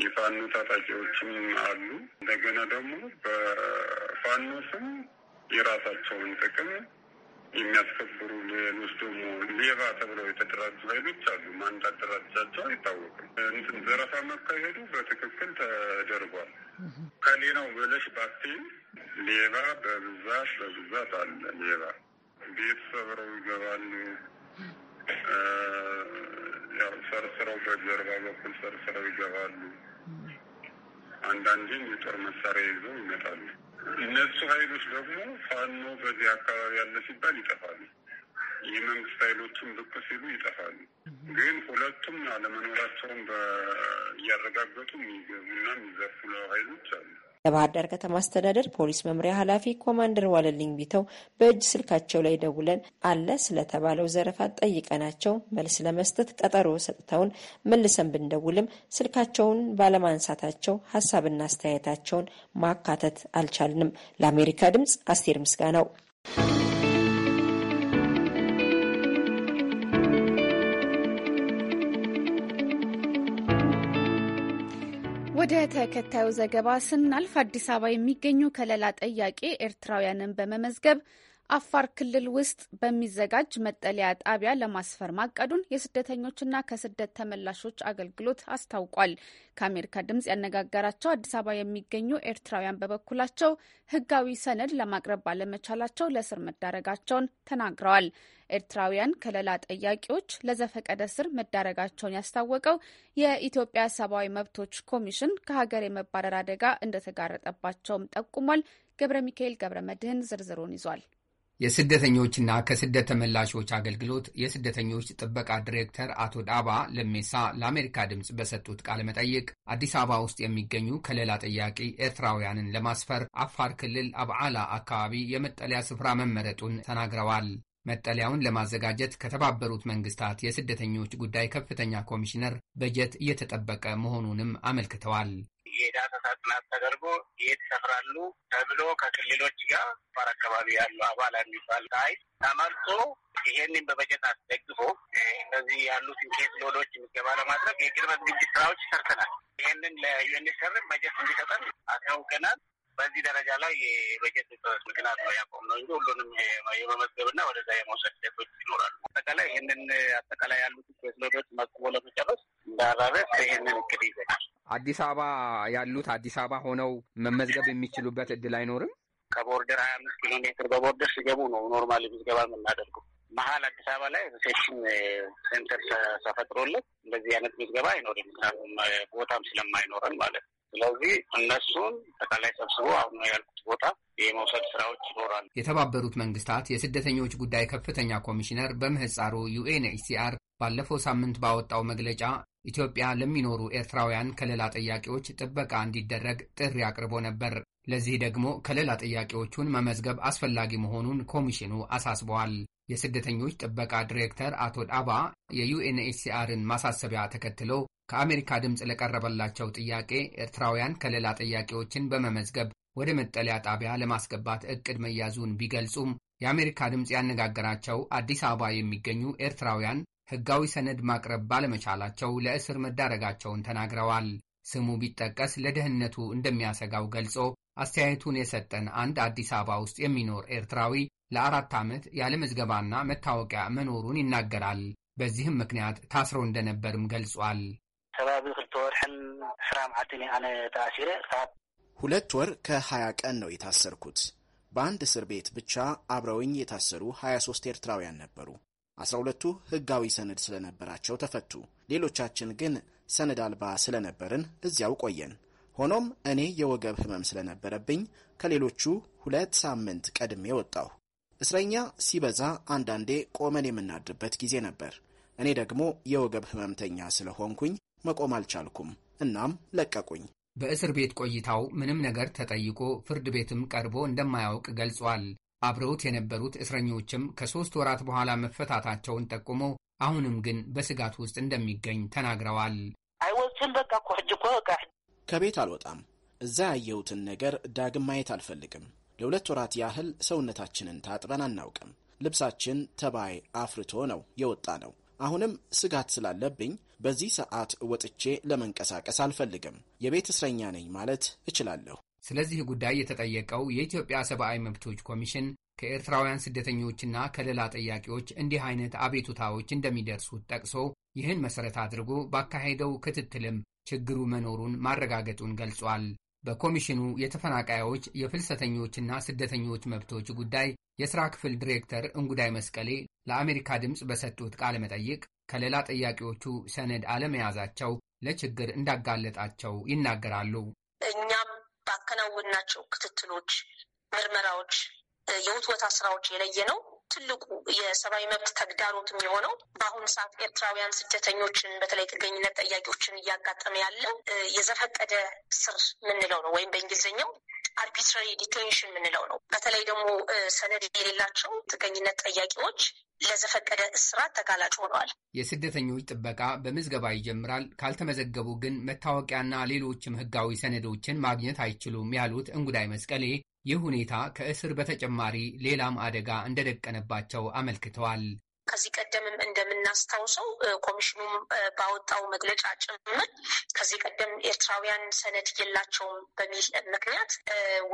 Speaker 13: የፋኖ ታጣቂዎችም አሉ። እንደገና ደግሞ በፋኖ ስም የራሳቸውን ጥቅም የሚያስከብሩ ሌሎች ደግሞ ሌባ ተብለው የተደራጁ ኃይሎች አሉ። ማን እንዳደራጃቸው አይታወቅም። እንትን ዘረፋ መካሄዱ በትክክል ተደርጓል። ከሌላው በለሽ ባቴ ሌባ በብዛት በብዛት አለ። ሌባ ቤት ሰብረው ይገባሉ። ያው ሰርስረው በጀርባ በኩል ሰርስረው ይገባሉ። አንዳንድም የጦር መሳሪያ ይዘው ይመጣሉ። እነሱ ኃይሎች ደግሞ ፋኖ በዚህ አካባቢ ያለ ሲባል ይጠፋሉ። የመንግስት ኃይሎችም ብቅ ሲሉ ይጠፋሉ። ግን ሁለቱም አለመኖራቸውን እያረጋገጡ
Speaker 11: የሚገቡና የሚዘርፉ ኃይሎች አሉ። ለባህር ዳር ከተማ አስተዳደር ፖሊስ መምሪያ ኃላፊ ኮማንደር ዋለልኝ ቢተው በእጅ ስልካቸው ላይ ደውለን አለ ስለተባለው ዘረፋ ጠይቀናቸው መልስ ለመስጠት ቀጠሮ ሰጥተውን መልሰን ብንደውልም ስልካቸውን ባለማንሳታቸው ሀሳብና አስተያየታቸውን ማካተት አልቻልንም። ለአሜሪካ ድምጽ አስቴር ምስጋናው።
Speaker 1: ወደ ተከታዩ ዘገባ ስናልፍ አዲስ አበባ የሚገኙ ከለላ ጠያቂ ኤርትራውያንን በመመዝገብ አፋር ክልል ውስጥ በሚዘጋጅ መጠለያ ጣቢያ ለማስፈር ማቀዱን የስደተኞችና ከስደት ተመላሾች አገልግሎት አስታውቋል። ከአሜሪካ ድምጽ ያነጋገራቸው አዲስ አበባ የሚገኙ ኤርትራውያን በበኩላቸው ሕጋዊ ሰነድ ለማቅረብ ባለመቻላቸው ለእስር መዳረጋቸውን ተናግረዋል። ኤርትራውያን ከለላ ጠያቂዎች ለዘፈቀደ ስር መዳረጋቸውን ያስታወቀው የኢትዮጵያ ሰብአዊ መብቶች ኮሚሽን ከሀገር የመባረር አደጋ እንደተጋረጠባቸውም ጠቁሟል። ገብረ ሚካኤል ገብረ መድህን ዝርዝሩን ይዟል።
Speaker 2: የስደተኞችና ከስደት ተመላሾች አገልግሎት የስደተኞች ጥበቃ ዲሬክተር አቶ ዳባ ለሜሳ ለአሜሪካ ድምፅ በሰጡት ቃለ መጠይቅ አዲስ አበባ ውስጥ የሚገኙ ከሌላ ጠያቂ ኤርትራውያንን ለማስፈር አፋር ክልል አብዓላ አካባቢ የመጠለያ ስፍራ መመረጡን ተናግረዋል። መጠለያውን ለማዘጋጀት ከተባበሩት መንግስታት የስደተኞች ጉዳይ ከፍተኛ ኮሚሽነር በጀት እየተጠበቀ መሆኑንም አመልክተዋል። የዳሰሳ
Speaker 6: ጥናት ተደርጎ የት ሰፍራሉ ተብሎ ከክልሎች ጋር ባር አካባቢ ያሉ አባል የሚባል ታይ ተመርጦ ይሄንን በበጀት አስደግፎ እነዚህ ያሉትን ኬስ ሎዶች የሚገባ ለማድረግ የቅድመ ዝግጅት ስራዎች ሰርተናል። ይህንን ለዩኤንኤችሲአር በጀት እንዲሰጠን አሳውቀናል። በዚህ ደረጃ ላይ የበጀት ምክንያት ነው ነው እንጂ ሁሉንም የመመዝገብና ወደዛ የመውሰድ ሂደቶች ይኖራሉ። አጠቃላይ ይህንን አጠቃላይ ያሉት ኬስ ሎዶች መዝግቦ ለመጨረስ እንዳራረስ ይህንን እቅድ ይዘናል።
Speaker 2: አዲስ አበባ ያሉት አዲስ አበባ ሆነው መመዝገብ የሚችሉበት እድል አይኖርም።
Speaker 6: ከቦርደር ሀያ አምስት ኪሎ ሜትር በቦርደር ሲገቡ ነው ኖርማሊ ምዝገባ የምናደርገው። መሀል አዲስ አበባ ላይ ሴሽን ሴንተር ተፈጥሮለት እንደዚህ አይነት ምዝገባ አይኖርም፣ ቦታም ስለማይኖረን ማለት ነው። ስለዚህ እነሱን ጠቃላይ ሰብስቦ አሁን ያልኩት ቦታ የመውሰድ ስራዎች ይኖራሉ።
Speaker 2: የተባበሩት መንግስታት የስደተኞች ጉዳይ ከፍተኛ ኮሚሽነር በምህፃሩ ዩኤንኤችሲአር ባለፈው ሳምንት ባወጣው መግለጫ ኢትዮጵያ ለሚኖሩ ኤርትራውያን ከለላ ጥያቄዎች ጥበቃ እንዲደረግ ጥሪ አቅርቦ ነበር። ለዚህ ደግሞ ከለላ ጥያቄዎቹን መመዝገብ አስፈላጊ መሆኑን ኮሚሽኑ አሳስበዋል። የስደተኞች ጥበቃ ዲሬክተር አቶ ዳባ የዩኤንኤችሲአርን ማሳሰቢያ ተከትሎ ከአሜሪካ ድምፅ ለቀረበላቸው ጥያቄ ኤርትራውያን ከለላ ጥያቄዎችን በመመዝገብ ወደ መጠለያ ጣቢያ ለማስገባት ዕቅድ መያዙን ቢገልጹም የአሜሪካ ድምፅ ያነጋገራቸው አዲስ አበባ የሚገኙ ኤርትራውያን ህጋዊ ሰነድ ማቅረብ ባለመቻላቸው ለእስር መዳረጋቸውን ተናግረዋል። ስሙ ቢጠቀስ ለደህንነቱ እንደሚያሰጋው ገልጾ አስተያየቱን የሰጠን አንድ አዲስ አበባ ውስጥ የሚኖር ኤርትራዊ ለአራት ዓመት ያለመዝገባና መታወቂያ መኖሩን ይናገራል። በዚህም ምክንያት ታስሮ እንደነበርም
Speaker 14: ገልጿል።
Speaker 3: ከባቢ ክልተ ወርሕን ስራ
Speaker 14: ሁለት ወር ከሀያ ቀን ነው የታሰርኩት። በአንድ እስር ቤት ብቻ አብረውኝ የታሰሩ 23 ኤርትራውያን ነበሩ። አስራ ሁለቱ ህጋዊ ሰነድ ስለነበራቸው ተፈቱ። ሌሎቻችን ግን ሰነድ አልባ ስለነበርን እዚያው ቆየን። ሆኖም እኔ የወገብ ህመም ስለነበረብኝ ከሌሎቹ ሁለት ሳምንት ቀድሜ ወጣሁ። እስረኛ ሲበዛ አንዳንዴ ቆመን የምናድርበት ጊዜ ነበር። እኔ ደግሞ የወገብ ህመምተኛ ስለሆንኩኝ መቆም አልቻልኩም። እናም ለቀቁኝ።
Speaker 2: በእስር ቤት ቆይታው ምንም ነገር ተጠይቆ ፍርድ ቤትም ቀርቦ እንደማያውቅ ገልጿል። አብረውት የነበሩት እስረኞችም ከሦስት ወራት በኋላ መፈታታቸውን ጠቁሞ አሁንም ግን በስጋት ውስጥ እንደሚገኝ
Speaker 14: ተናግረዋል። አይወችን በቃ እኮ ሕጅ እኮ በቃ ከቤት አልወጣም። እዛ ያየሁትን ነገር ዳግም ማየት አልፈልግም። ለሁለት ወራት ያህል ሰውነታችንን ታጥበን አናውቅም። ልብሳችን ተባይ አፍርቶ ነው የወጣ ነው። አሁንም ስጋት ስላለብኝ በዚህ ሰዓት ወጥቼ ለመንቀሳቀስ አልፈልግም። የቤት እስረኛ ነኝ ማለት እችላለሁ።
Speaker 2: ስለዚህ ጉዳይ የተጠየቀው የኢትዮጵያ ሰብአዊ መብቶች ኮሚሽን ከኤርትራውያን ስደተኞችና ከሌላ ጠያቂዎች እንዲህ አይነት አቤቱታዎች እንደሚደርሱት ጠቅሶ ይህን መሠረት አድርጎ ባካሄደው ክትትልም ችግሩ መኖሩን ማረጋገጡን ገልጿል። በኮሚሽኑ የተፈናቃዮች የፍልሰተኞችና ስደተኞች መብቶች ጉዳይ የሥራ ክፍል ዲሬክተር እንጉዳይ መስቀሌ ለአሜሪካ ድምፅ በሰጡት ቃለ መጠይቅ ከሌላ ጠያቂዎቹ ሰነድ አለመያዛቸው ለችግር እንዳጋለጣቸው ይናገራሉ። እኛም
Speaker 15: ባከናወናቸው ክትትሎች፣ ምርመራዎች፣ የውትወታ ስራዎች የለየ ነው። ትልቁ የሰብአዊ መብት ተግዳሮት የሚሆነው በአሁኑ ሰዓት ኤርትራውያን ስደተኞችን በተለይ ጥገኝነት ጠያቂዎችን እያጋጠመ ያለው የዘፈቀደ ስር የምንለው ነው ወይም በእንግሊዝኛው አርቢትራሪ ዲቴንሽን የምንለው ነው። በተለይ ደግሞ ሰነድ የሌላቸው ጥገኝነት ጠያቂዎች ለዘፈቀደ እስራት ተጋላጭ ሆነዋል።
Speaker 2: የስደተኞች ጥበቃ በምዝገባ ይጀምራል፣ ካልተመዘገቡ ግን መታወቂያና ሌሎችም ሕጋዊ ሰነዶችን ማግኘት አይችሉም ያሉት እንጉዳይ መስቀሌ ይህ ሁኔታ ከእስር በተጨማሪ ሌላም አደጋ እንደደቀነባቸው አመልክተዋል።
Speaker 15: ከዚህ ቀደምም እንደምናስታውሰው ኮሚሽኑም ባወጣው መግለጫ ጭምር ከዚህ ቀደም ኤርትራውያን ሰነድ የላቸውም በሚል ምክንያት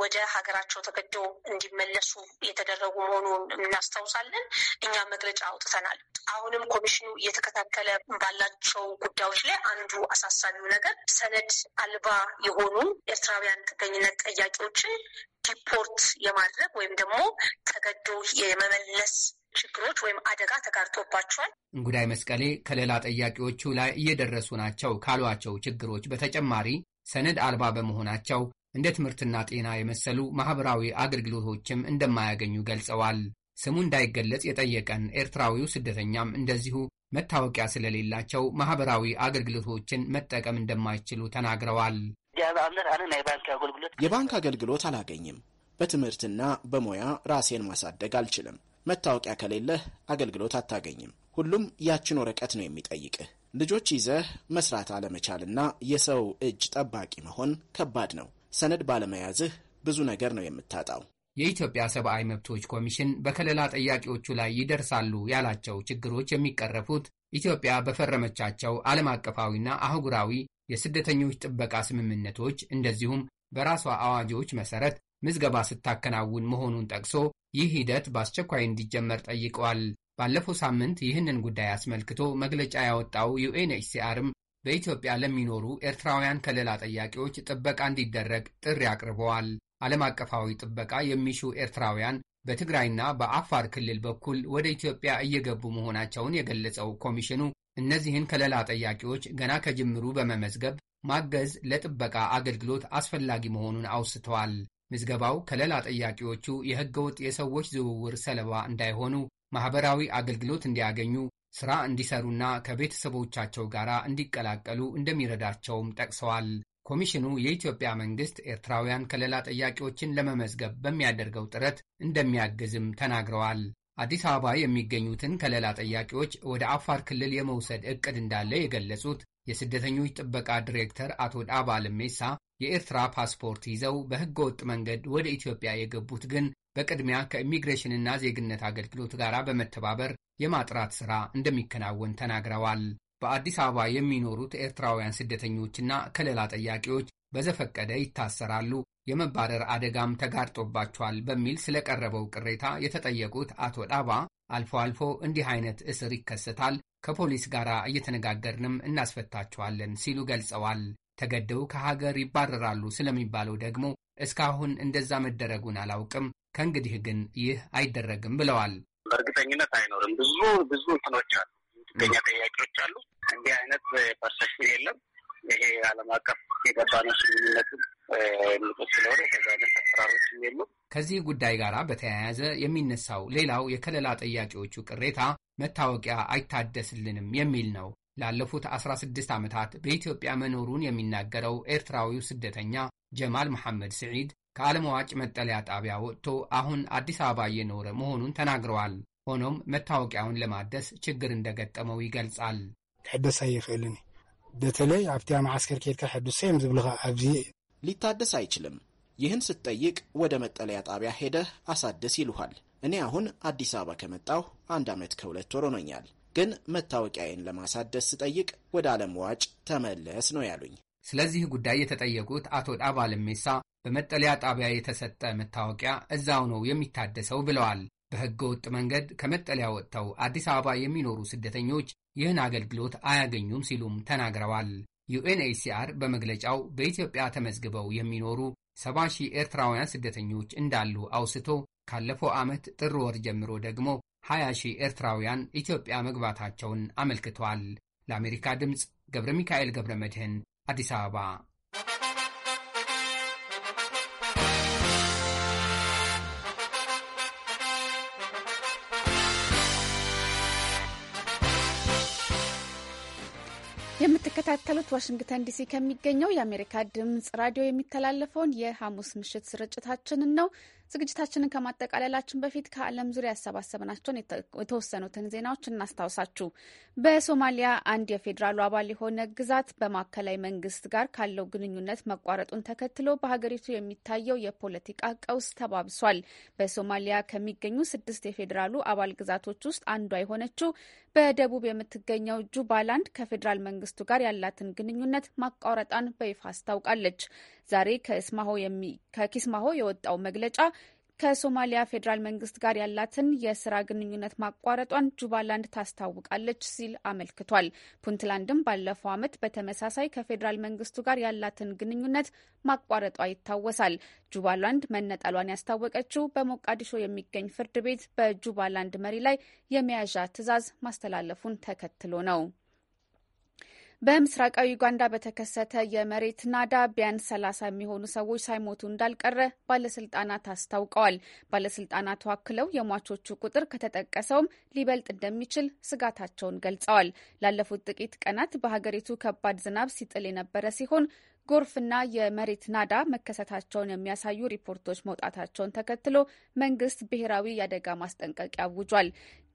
Speaker 15: ወደ ሀገራቸው ተገዶ እንዲመለሱ የተደረጉ መሆኑን እናስታውሳለን። እኛ መግለጫ አውጥተናል። አሁንም ኮሚሽኑ እየተከታተለ ባላቸው ጉዳዮች ላይ አንዱ አሳሳቢው ነገር ሰነድ አልባ የሆኑ ኤርትራውያን ጥገኝነት ጠያቂዎችን ዲፖርት የማድረግ ወይም ደግሞ ተገዶ የመመለስ ችግሮች ወይም አደጋ ተጋርጦባቸዋል።
Speaker 2: እንጉዳይ መስቀሌ ከሌላ ጠያቂዎቹ ላይ እየደረሱ ናቸው ካሏቸው ችግሮች በተጨማሪ ሰነድ አልባ በመሆናቸው እንደ ትምህርትና ጤና የመሰሉ ማህበራዊ አገልግሎቶችም እንደማያገኙ ገልጸዋል። ስሙ እንዳይገለጽ የጠየቀን ኤርትራዊው ስደተኛም እንደዚሁ መታወቂያ ስለሌላቸው ማህበራዊ አገልግሎቶችን መጠቀም እንደማይችሉ ተናግረዋል።
Speaker 14: የባንክ አገልግሎት አላገኝም። በትምህርትና በሙያ ራሴን ማሳደግ አልችልም። መታወቂያ ከሌለህ አገልግሎት አታገኝም። ሁሉም ያችን ወረቀት ነው የሚጠይቅህ። ልጆች ይዘህ መስራት አለመቻልና የሰው እጅ ጠባቂ መሆን ከባድ ነው። ሰነድ ባለመያዝህ ብዙ ነገር ነው የምታጣው።
Speaker 2: የኢትዮጵያ ሰብአዊ መብቶች ኮሚሽን በከለላ ጠያቂዎቹ ላይ ይደርሳሉ ያላቸው ችግሮች የሚቀረፉት ኢትዮጵያ በፈረመቻቸው ዓለም አቀፋዊና አህጉራዊ የስደተኞች ጥበቃ ስምምነቶች እንደዚሁም በራሷ አዋጆች መሰረት ምዝገባ ስታከናውን መሆኑን ጠቅሶ ይህ ሂደት በአስቸኳይ እንዲጀመር ጠይቀዋል። ባለፈው ሳምንት ይህንን ጉዳይ አስመልክቶ መግለጫ ያወጣው ዩኤንኤችሲአርም በኢትዮጵያ ለሚኖሩ ኤርትራውያን ከለላ ጠያቂዎች ጥበቃ እንዲደረግ ጥሪ አቅርበዋል። ዓለም አቀፋዊ ጥበቃ የሚሹ ኤርትራውያን በትግራይና በአፋር ክልል በኩል ወደ ኢትዮጵያ እየገቡ መሆናቸውን የገለጸው ኮሚሽኑ እነዚህን ከለላ ጠያቂዎች ገና ከጅምሩ በመመዝገብ ማገዝ ለጥበቃ አገልግሎት አስፈላጊ መሆኑን አውስተዋል። ምዝገባው ከለላ ጠያቂዎቹ የሕገወጥ የሰዎች ዝውውር ሰለባ እንዳይሆኑ፣ ማኅበራዊ አገልግሎት እንዲያገኙ፣ ሥራ እንዲሰሩና ከቤተሰቦቻቸው ጋር እንዲቀላቀሉ እንደሚረዳቸውም ጠቅሰዋል። ኮሚሽኑ የኢትዮጵያ መንግሥት ኤርትራውያን ከለላ ጠያቂዎችን ለመመዝገብ በሚያደርገው ጥረት እንደሚያግዝም ተናግረዋል። አዲስ አበባ የሚገኙትን ከለላ ጠያቂዎች ወደ አፋር ክልል የመውሰድ ዕቅድ እንዳለ የገለጹት የስደተኞች ጥበቃ ዲሬክተር አቶ ዳባ ልሜሳ የኤርትራ ፓስፖርት ይዘው በሕገ ወጥ መንገድ ወደ ኢትዮጵያ የገቡት ግን በቅድሚያ ከኢሚግሬሽንና ዜግነት አገልግሎት ጋር በመተባበር የማጥራት ሥራ እንደሚከናወን ተናግረዋል። በአዲስ አበባ የሚኖሩት ኤርትራውያን ስደተኞችና ከለላ ጠያቂዎች በዘፈቀደ ይታሰራሉ፣ የመባረር አደጋም ተጋርጦባቸዋል በሚል ስለቀረበው ቅሬታ የተጠየቁት አቶ ዳባ አልፎ አልፎ እንዲህ አይነት እስር ይከሰታል፣ ከፖሊስ ጋር እየተነጋገርንም እናስፈታቸዋለን ሲሉ ገልጸዋል። ተገደው ከሀገር ይባረራሉ ስለሚባለው ደግሞ እስካሁን እንደዛ መደረጉን አላውቅም፣ ከእንግዲህ ግን ይህ አይደረግም ብለዋል።
Speaker 6: በእርግጠኝነት አይኖርም። ብዙ ብዙ እንትኖች አሉ፣ ጥገኛ ጥያቄዎች አሉ። እንዲህ አይነት ፐርሰፕሽን የለም። ይሄ ዓለም አቀፍ የገባነው ስምምነት
Speaker 2: ከዚህ ጉዳይ ጋር በተያያዘ የሚነሳው ሌላው የከለላ ጠያቂዎቹ ቅሬታ መታወቂያ አይታደስልንም የሚል ነው። ላለፉት 16 ዓመታት በኢትዮጵያ መኖሩን የሚናገረው ኤርትራዊው ስደተኛ ጀማል መሐመድ ስዒድ ከዓለም ዋጭ መጠለያ ጣቢያ ወጥቶ አሁን አዲስ አበባ እየኖረ መሆኑን ተናግረዋል። ሆኖም መታወቂያውን ለማደስ ችግር እንደገጠመው ይገልጻል።
Speaker 14: ሕደሳ ኣይኽእልን በተለይ ኣብቲ ኣማዓስከር ኬድካ ሕዱሰ እዮም ዝብልኻ ኣብዚ ሊታደስ አይችልም። ይህን ስትጠይቅ ወደ መጠለያ ጣቢያ ሄደህ አሳደስ ይልኋል። እኔ አሁን አዲስ አበባ ከመጣሁ አንድ ዓመት ከሁለት ወር ሆኖኛል። ግን መታወቂያዬን ለማሳደስ ስጠይቅ ወደ ዓለም ዋጭ ተመለስ ነው ያሉኝ።
Speaker 2: ስለዚህ ጉዳይ የተጠየቁት አቶ ዳባ ልሜሳ በመጠለያ ጣቢያ የተሰጠ መታወቂያ እዛው ነው የሚታደሰው ብለዋል። በሕገ ወጥ መንገድ ከመጠለያ ወጥተው አዲስ አበባ የሚኖሩ ስደተኞች ይህን አገልግሎት አያገኙም ሲሉም ተናግረዋል። ዩኤንኤችሲአር በመግለጫው በኢትዮጵያ ተመዝግበው የሚኖሩ ሰባ ሺህ ኤርትራውያን ስደተኞች እንዳሉ አውስቶ ካለፈው ዓመት ጥር ወር ጀምሮ ደግሞ 20 ሺህ ኤርትራውያን ኢትዮጵያ መግባታቸውን አመልክቷል። ለአሜሪካ ድምፅ ገብረ ሚካኤል ገብረ መድህን አዲስ አበባ።
Speaker 1: የምትከታተሉት ዋሽንግተን ዲሲ ከሚገኘው የአሜሪካ ድምፅ ራዲዮ የሚተላለፈውን የሐሙስ ምሽት ስርጭታችንን ነው። ዝግጅታችንን ከማጠቃለላችን በፊት ከዓለም ዙሪያ ያሰባሰብናቸውን የተወሰኑትን ዜናዎች እናስታውሳችሁ። በሶማሊያ አንድ የፌዴራሉ አባል የሆነ ግዛት በማዕከላዊ መንግስት ጋር ካለው ግንኙነት መቋረጡን ተከትሎ በሀገሪቱ የሚታየው የፖለቲካ ቀውስ ተባብሷል። በሶማሊያ ከሚገኙ ስድስት የፌዴራሉ አባል ግዛቶች ውስጥ አንዷ የሆነችው በደቡብ የምትገኘው ጁባላንድ ከፌዴራል መንግስቱ ጋር ያላትን ግንኙነት ማቋረጣን በይፋ አስታውቃለች። ዛሬ ከኪስማሆ የወጣው መግለጫ ከሶማሊያ ፌዴራል መንግስት ጋር ያላትን የስራ ግንኙነት ማቋረጧን ጁባላንድ ታስታውቃለች ሲል አመልክቷል። ፑንትላንድም ባለፈው ዓመት በተመሳሳይ ከፌዴራል መንግስቱ ጋር ያላትን ግንኙነት ማቋረጧ ይታወሳል። ጁባላንድ መነጠሏን ያስታወቀችው በሞቃዲሾ የሚገኝ ፍርድ ቤት በጁባላንድ መሪ ላይ የመያዣ ትዕዛዝ ማስተላለፉን ተከትሎ ነው። በምስራቃዊ ዩጋንዳ በተከሰተ የመሬት ናዳ ቢያንስ ሰላሳ የሚሆኑ ሰዎች ሳይሞቱ እንዳልቀረ ባለስልጣናት አስታውቀዋል። ባለስልጣናቱ አክለው የሟቾቹ ቁጥር ከተጠቀሰውም ሊበልጥ እንደሚችል ስጋታቸውን ገልጸዋል። ላለፉት ጥቂት ቀናት በሀገሪቱ ከባድ ዝናብ ሲጥል የነበረ ሲሆን ጎርፍና የመሬት ናዳ መከሰታቸውን የሚያሳዩ ሪፖርቶች መውጣታቸውን ተከትሎ መንግስት ብሔራዊ የአደጋ ማስጠንቀቂያ አውጇል።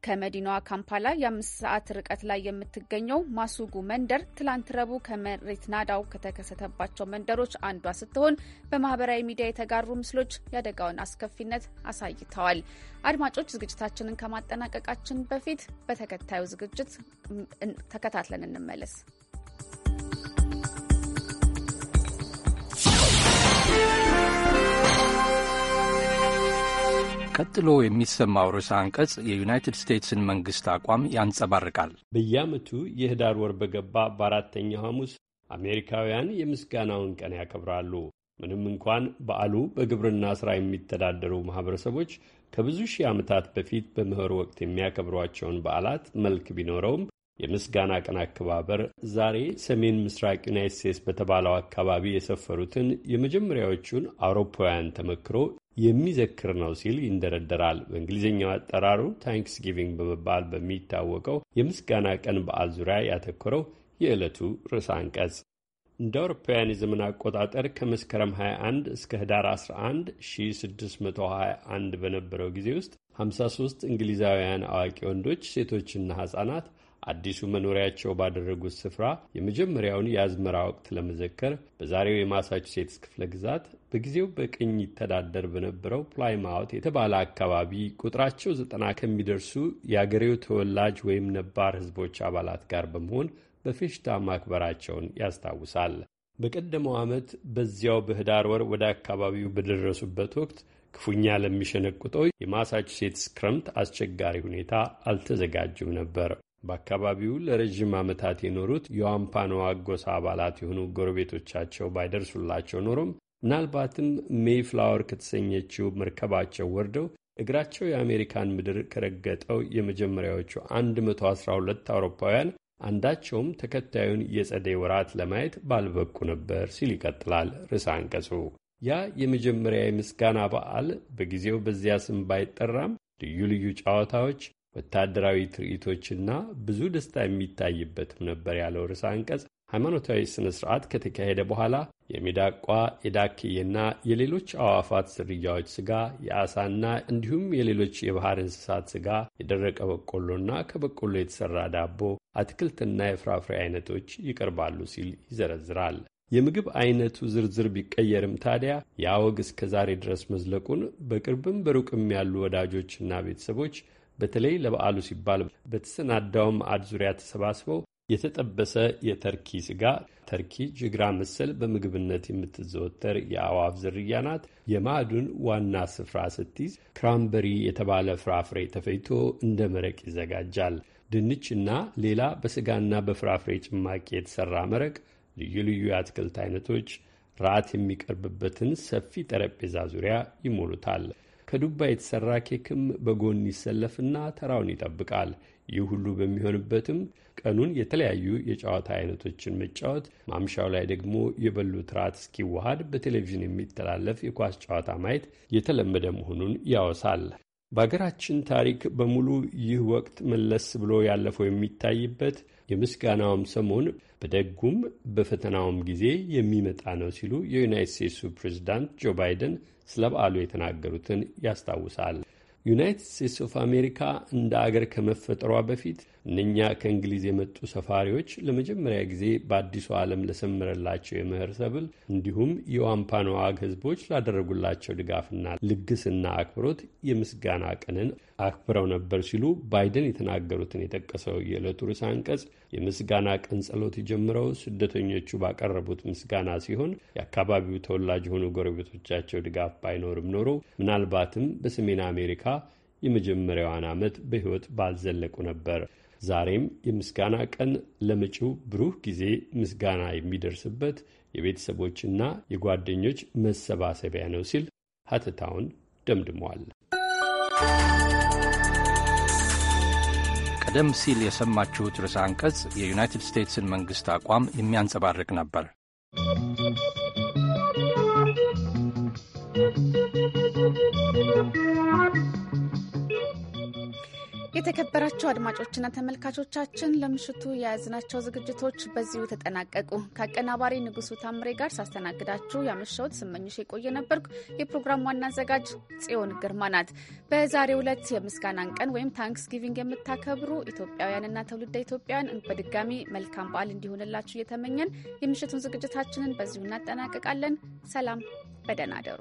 Speaker 1: ከመዲናዋ ካምፓላ የአምስት ሰዓት ርቀት ላይ የምትገኘው ማሱጉ መንደር ትላንት ረቡዕ ከመሬት ናዳው ከተከሰተባቸው መንደሮች አንዷ ስትሆን በማህበራዊ ሚዲያ የተጋሩ ምስሎች የአደጋውን አስከፊነት አሳይተዋል። አድማጮች፣ ዝግጅታችንን ከማጠናቀቃችን በፊት በተከታዩ ዝግጅት ተከታትለን እንመለስ።
Speaker 12: ቀጥሎ የሚሰማው ርዕሰ አንቀጽ የዩናይትድ ስቴትስን መንግሥት አቋም ያንጸባርቃል። በየዓመቱ የህዳር ወር በገባ በአራተኛው ሐሙስ አሜሪካውያን የምስጋናውን ቀን ያከብራሉ። ምንም እንኳን በዓሉ በግብርና ሥራ የሚተዳደሩ ማኅበረሰቦች ከብዙ ሺህ ዓመታት በፊት በመኸር ወቅት የሚያከብሯቸውን በዓላት መልክ ቢኖረውም የምስጋና ቀን አከባበር ዛሬ ሰሜን ምስራቅ ዩናይት ስቴትስ በተባለው አካባቢ የሰፈሩትን የመጀመሪያዎቹን አውሮፓውያን ተመክሮ የሚዘክር ነው ሲል ይንደረደራል። በእንግሊዝኛው አጠራሩ ታንክስ ጊቪንግ በመባል በሚታወቀው የምስጋና ቀን በዓል ዙሪያ ያተኮረው የዕለቱ ርዕሰ አንቀጽ እንደ አውሮፓውያን የዘመን አቆጣጠር ከመስከረም 21 እስከ ህዳር 11 1621 በነበረው ጊዜ ውስጥ 53 እንግሊዛውያን አዋቂ ወንዶች፣ ሴቶችና ሕፃናት አዲሱ መኖሪያቸው ባደረጉት ስፍራ የመጀመሪያውን የአዝመራ ወቅት ለመዘከር በዛሬው የማሳቹሴትስ ክፍለ ግዛት በጊዜው በቅኝ ይተዳደር በነበረው ፕላይማውት የተባለ አካባቢ ቁጥራቸው ዘጠና ከሚደርሱ የአገሬው ተወላጅ ወይም ነባር ሕዝቦች አባላት ጋር በመሆን በፌሽታ ማክበራቸውን ያስታውሳል። በቀደመው ዓመት በዚያው በህዳር ወር ወደ አካባቢው በደረሱበት ወቅት ክፉኛ ለሚሸነቁጠው የማሳቹሴትስ ክረምት አስቸጋሪ ሁኔታ አልተዘጋጁም ነበር። በአካባቢው ለረዥም ዓመታት የኖሩት የዋምፓኖ አጎሳ አባላት የሆኑ ጎረቤቶቻቸው ባይደርሱላቸው ኖሮም ምናልባትም ሜይፍላወር ከተሰኘችው መርከባቸው ወርደው እግራቸው የአሜሪካን ምድር ከረገጠው የመጀመሪያዎቹ 112 አውሮፓውያን አንዳቸውም ተከታዩን የጸደይ ወራት ለማየት ባልበቁ ነበር ሲል ይቀጥላል ርዕሰ አንቀጹ። ያ የመጀመሪያ የምስጋና በዓል በጊዜው በዚያ ስም ባይጠራም ልዩ ልዩ ጨዋታዎች ወታደራዊ ትርኢቶችና ብዙ ደስታ የሚታይበትም ነበር ያለው ርዕሰ አንቀጽ ሃይማኖታዊ ሥነ ሥርዓት ከተካሄደ በኋላ የሚዳቋ የዳክዬና የሌሎች አዋፋት ዝርያዎች ስጋ፣ የአሳና እንዲሁም የሌሎች የባህር እንስሳት ስጋ፣ የደረቀ በቆሎና ከበቆሎ የተሠራ ዳቦ፣ አትክልትና የፍራፍሬ አይነቶች ይቀርባሉ ሲል ይዘረዝራል። የምግብ አይነቱ ዝርዝር ቢቀየርም ታዲያ ያ ወግ እስከ ዛሬ ድረስ መዝለቁን በቅርብም በሩቅም ያሉ ወዳጆችና ቤተሰቦች በተለይ ለበዓሉ ሲባል በተሰናዳው ማዕድ ዙሪያ ተሰባስበው የተጠበሰ የተርኪ ስጋ ተርኪ ጅግራ መሰል በምግብነት የምትዘወተር የአዋፍ ዝርያ ናት። የማዕዱን ዋና ስፍራ ስትይዝ ክራምበሪ የተባለ ፍራፍሬ ተፈይቶ እንደ መረቅ ይዘጋጃል። ድንችና ሌላ በስጋና በፍራፍሬ ጭማቂ የተሰራ መረቅ፣ ልዩ ልዩ የአትክልት አይነቶች ራት የሚቀርብበትን ሰፊ ጠረጴዛ ዙሪያ ይሞሉታል። ከዱባ የተሰራ ኬክም በጎን ይሰለፍና ተራውን ይጠብቃል። ይህ ሁሉ በሚሆንበትም ቀኑን የተለያዩ የጨዋታ አይነቶችን መጫወት፣ ማምሻው ላይ ደግሞ የበሉት ራት እስኪዋሃድ በቴሌቪዥን የሚተላለፍ የኳስ ጨዋታ ማየት የተለመደ መሆኑን ያወሳል። በአገራችን ታሪክ በሙሉ ይህ ወቅት መለስ ብሎ ያለፈው የሚታይበት የምስጋናውም ሰሞን በደጉም በፈተናውም ጊዜ የሚመጣ ነው ሲሉ የዩናይት ስቴትሱ ፕሬዚዳንት ጆ ባይደን ስለ በዓሉ የተናገሩትን ያስታውሳል። ዩናይትድ ስቴትስ ኦፍ አሜሪካ እንደ አገር ከመፈጠሯ በፊት እነኛ ከእንግሊዝ የመጡ ሰፋሪዎች ለመጀመሪያ ጊዜ በአዲሱ ዓለም ለሰመረላቸው የምህር ሰብል እንዲሁም የዋምፓኖዋግ ህዝቦች ላደረጉላቸው ድጋፍና ልግስና አክብሮት የምስጋና ቀንን አክብረው ነበር ሲሉ ባይደን የተናገሩትን የጠቀሰው የዕለቱ ርዕሰ አንቀጽ የምስጋና ቀን ጸሎት የጀምረው ስደተኞቹ ባቀረቡት ምስጋና ሲሆን የአካባቢው ተወላጅ የሆኑ ጎረቤቶቻቸው ድጋፍ ባይኖርም ኖሮ ምናልባትም በሰሜን አሜሪካ የመጀመሪያዋን ዓመት በሕይወት ባልዘለቁ ነበር። ዛሬም የምስጋና ቀን ለመጪው ብሩህ ጊዜ ምስጋና የሚደርስበት የቤተሰቦችና የጓደኞች መሰባሰቢያ ነው ሲል ሀተታውን ደምድሟል። ቀደም ሲል የሰማችሁት ርዕሰ አንቀጽ የዩናይትድ ስቴትስን መንግሥት አቋም የሚያንጸባርቅ ነበር።
Speaker 1: የተከበራቸው አድማጮችና ተመልካቾቻችን ለምሽቱ የያዝናቸው ዝግጅቶች በዚሁ ተጠናቀቁ። ከአቀናባሪ ንጉሱ ታምሬ ጋር ሳስተናግዳችሁ ያመሸሁት ስመኝሽ የቆየ ነበርኩ። የፕሮግራም ዋና አዘጋጅ ጽዮን ግርማ ናት። በዛሬ ዕለት የምስጋናን ቀን ወይም ታንክስ ጊቪንግ የምታከብሩ ኢትዮጵያውያንና ትውልደ ኢትዮጵያውያን በድጋሚ መልካም በዓል እንዲሆንላችሁ እየተመኘን የምሽቱን ዝግጅታችንን በዚሁ እናጠናቀቃለን። ሰላም፣ በደህና አደሩ።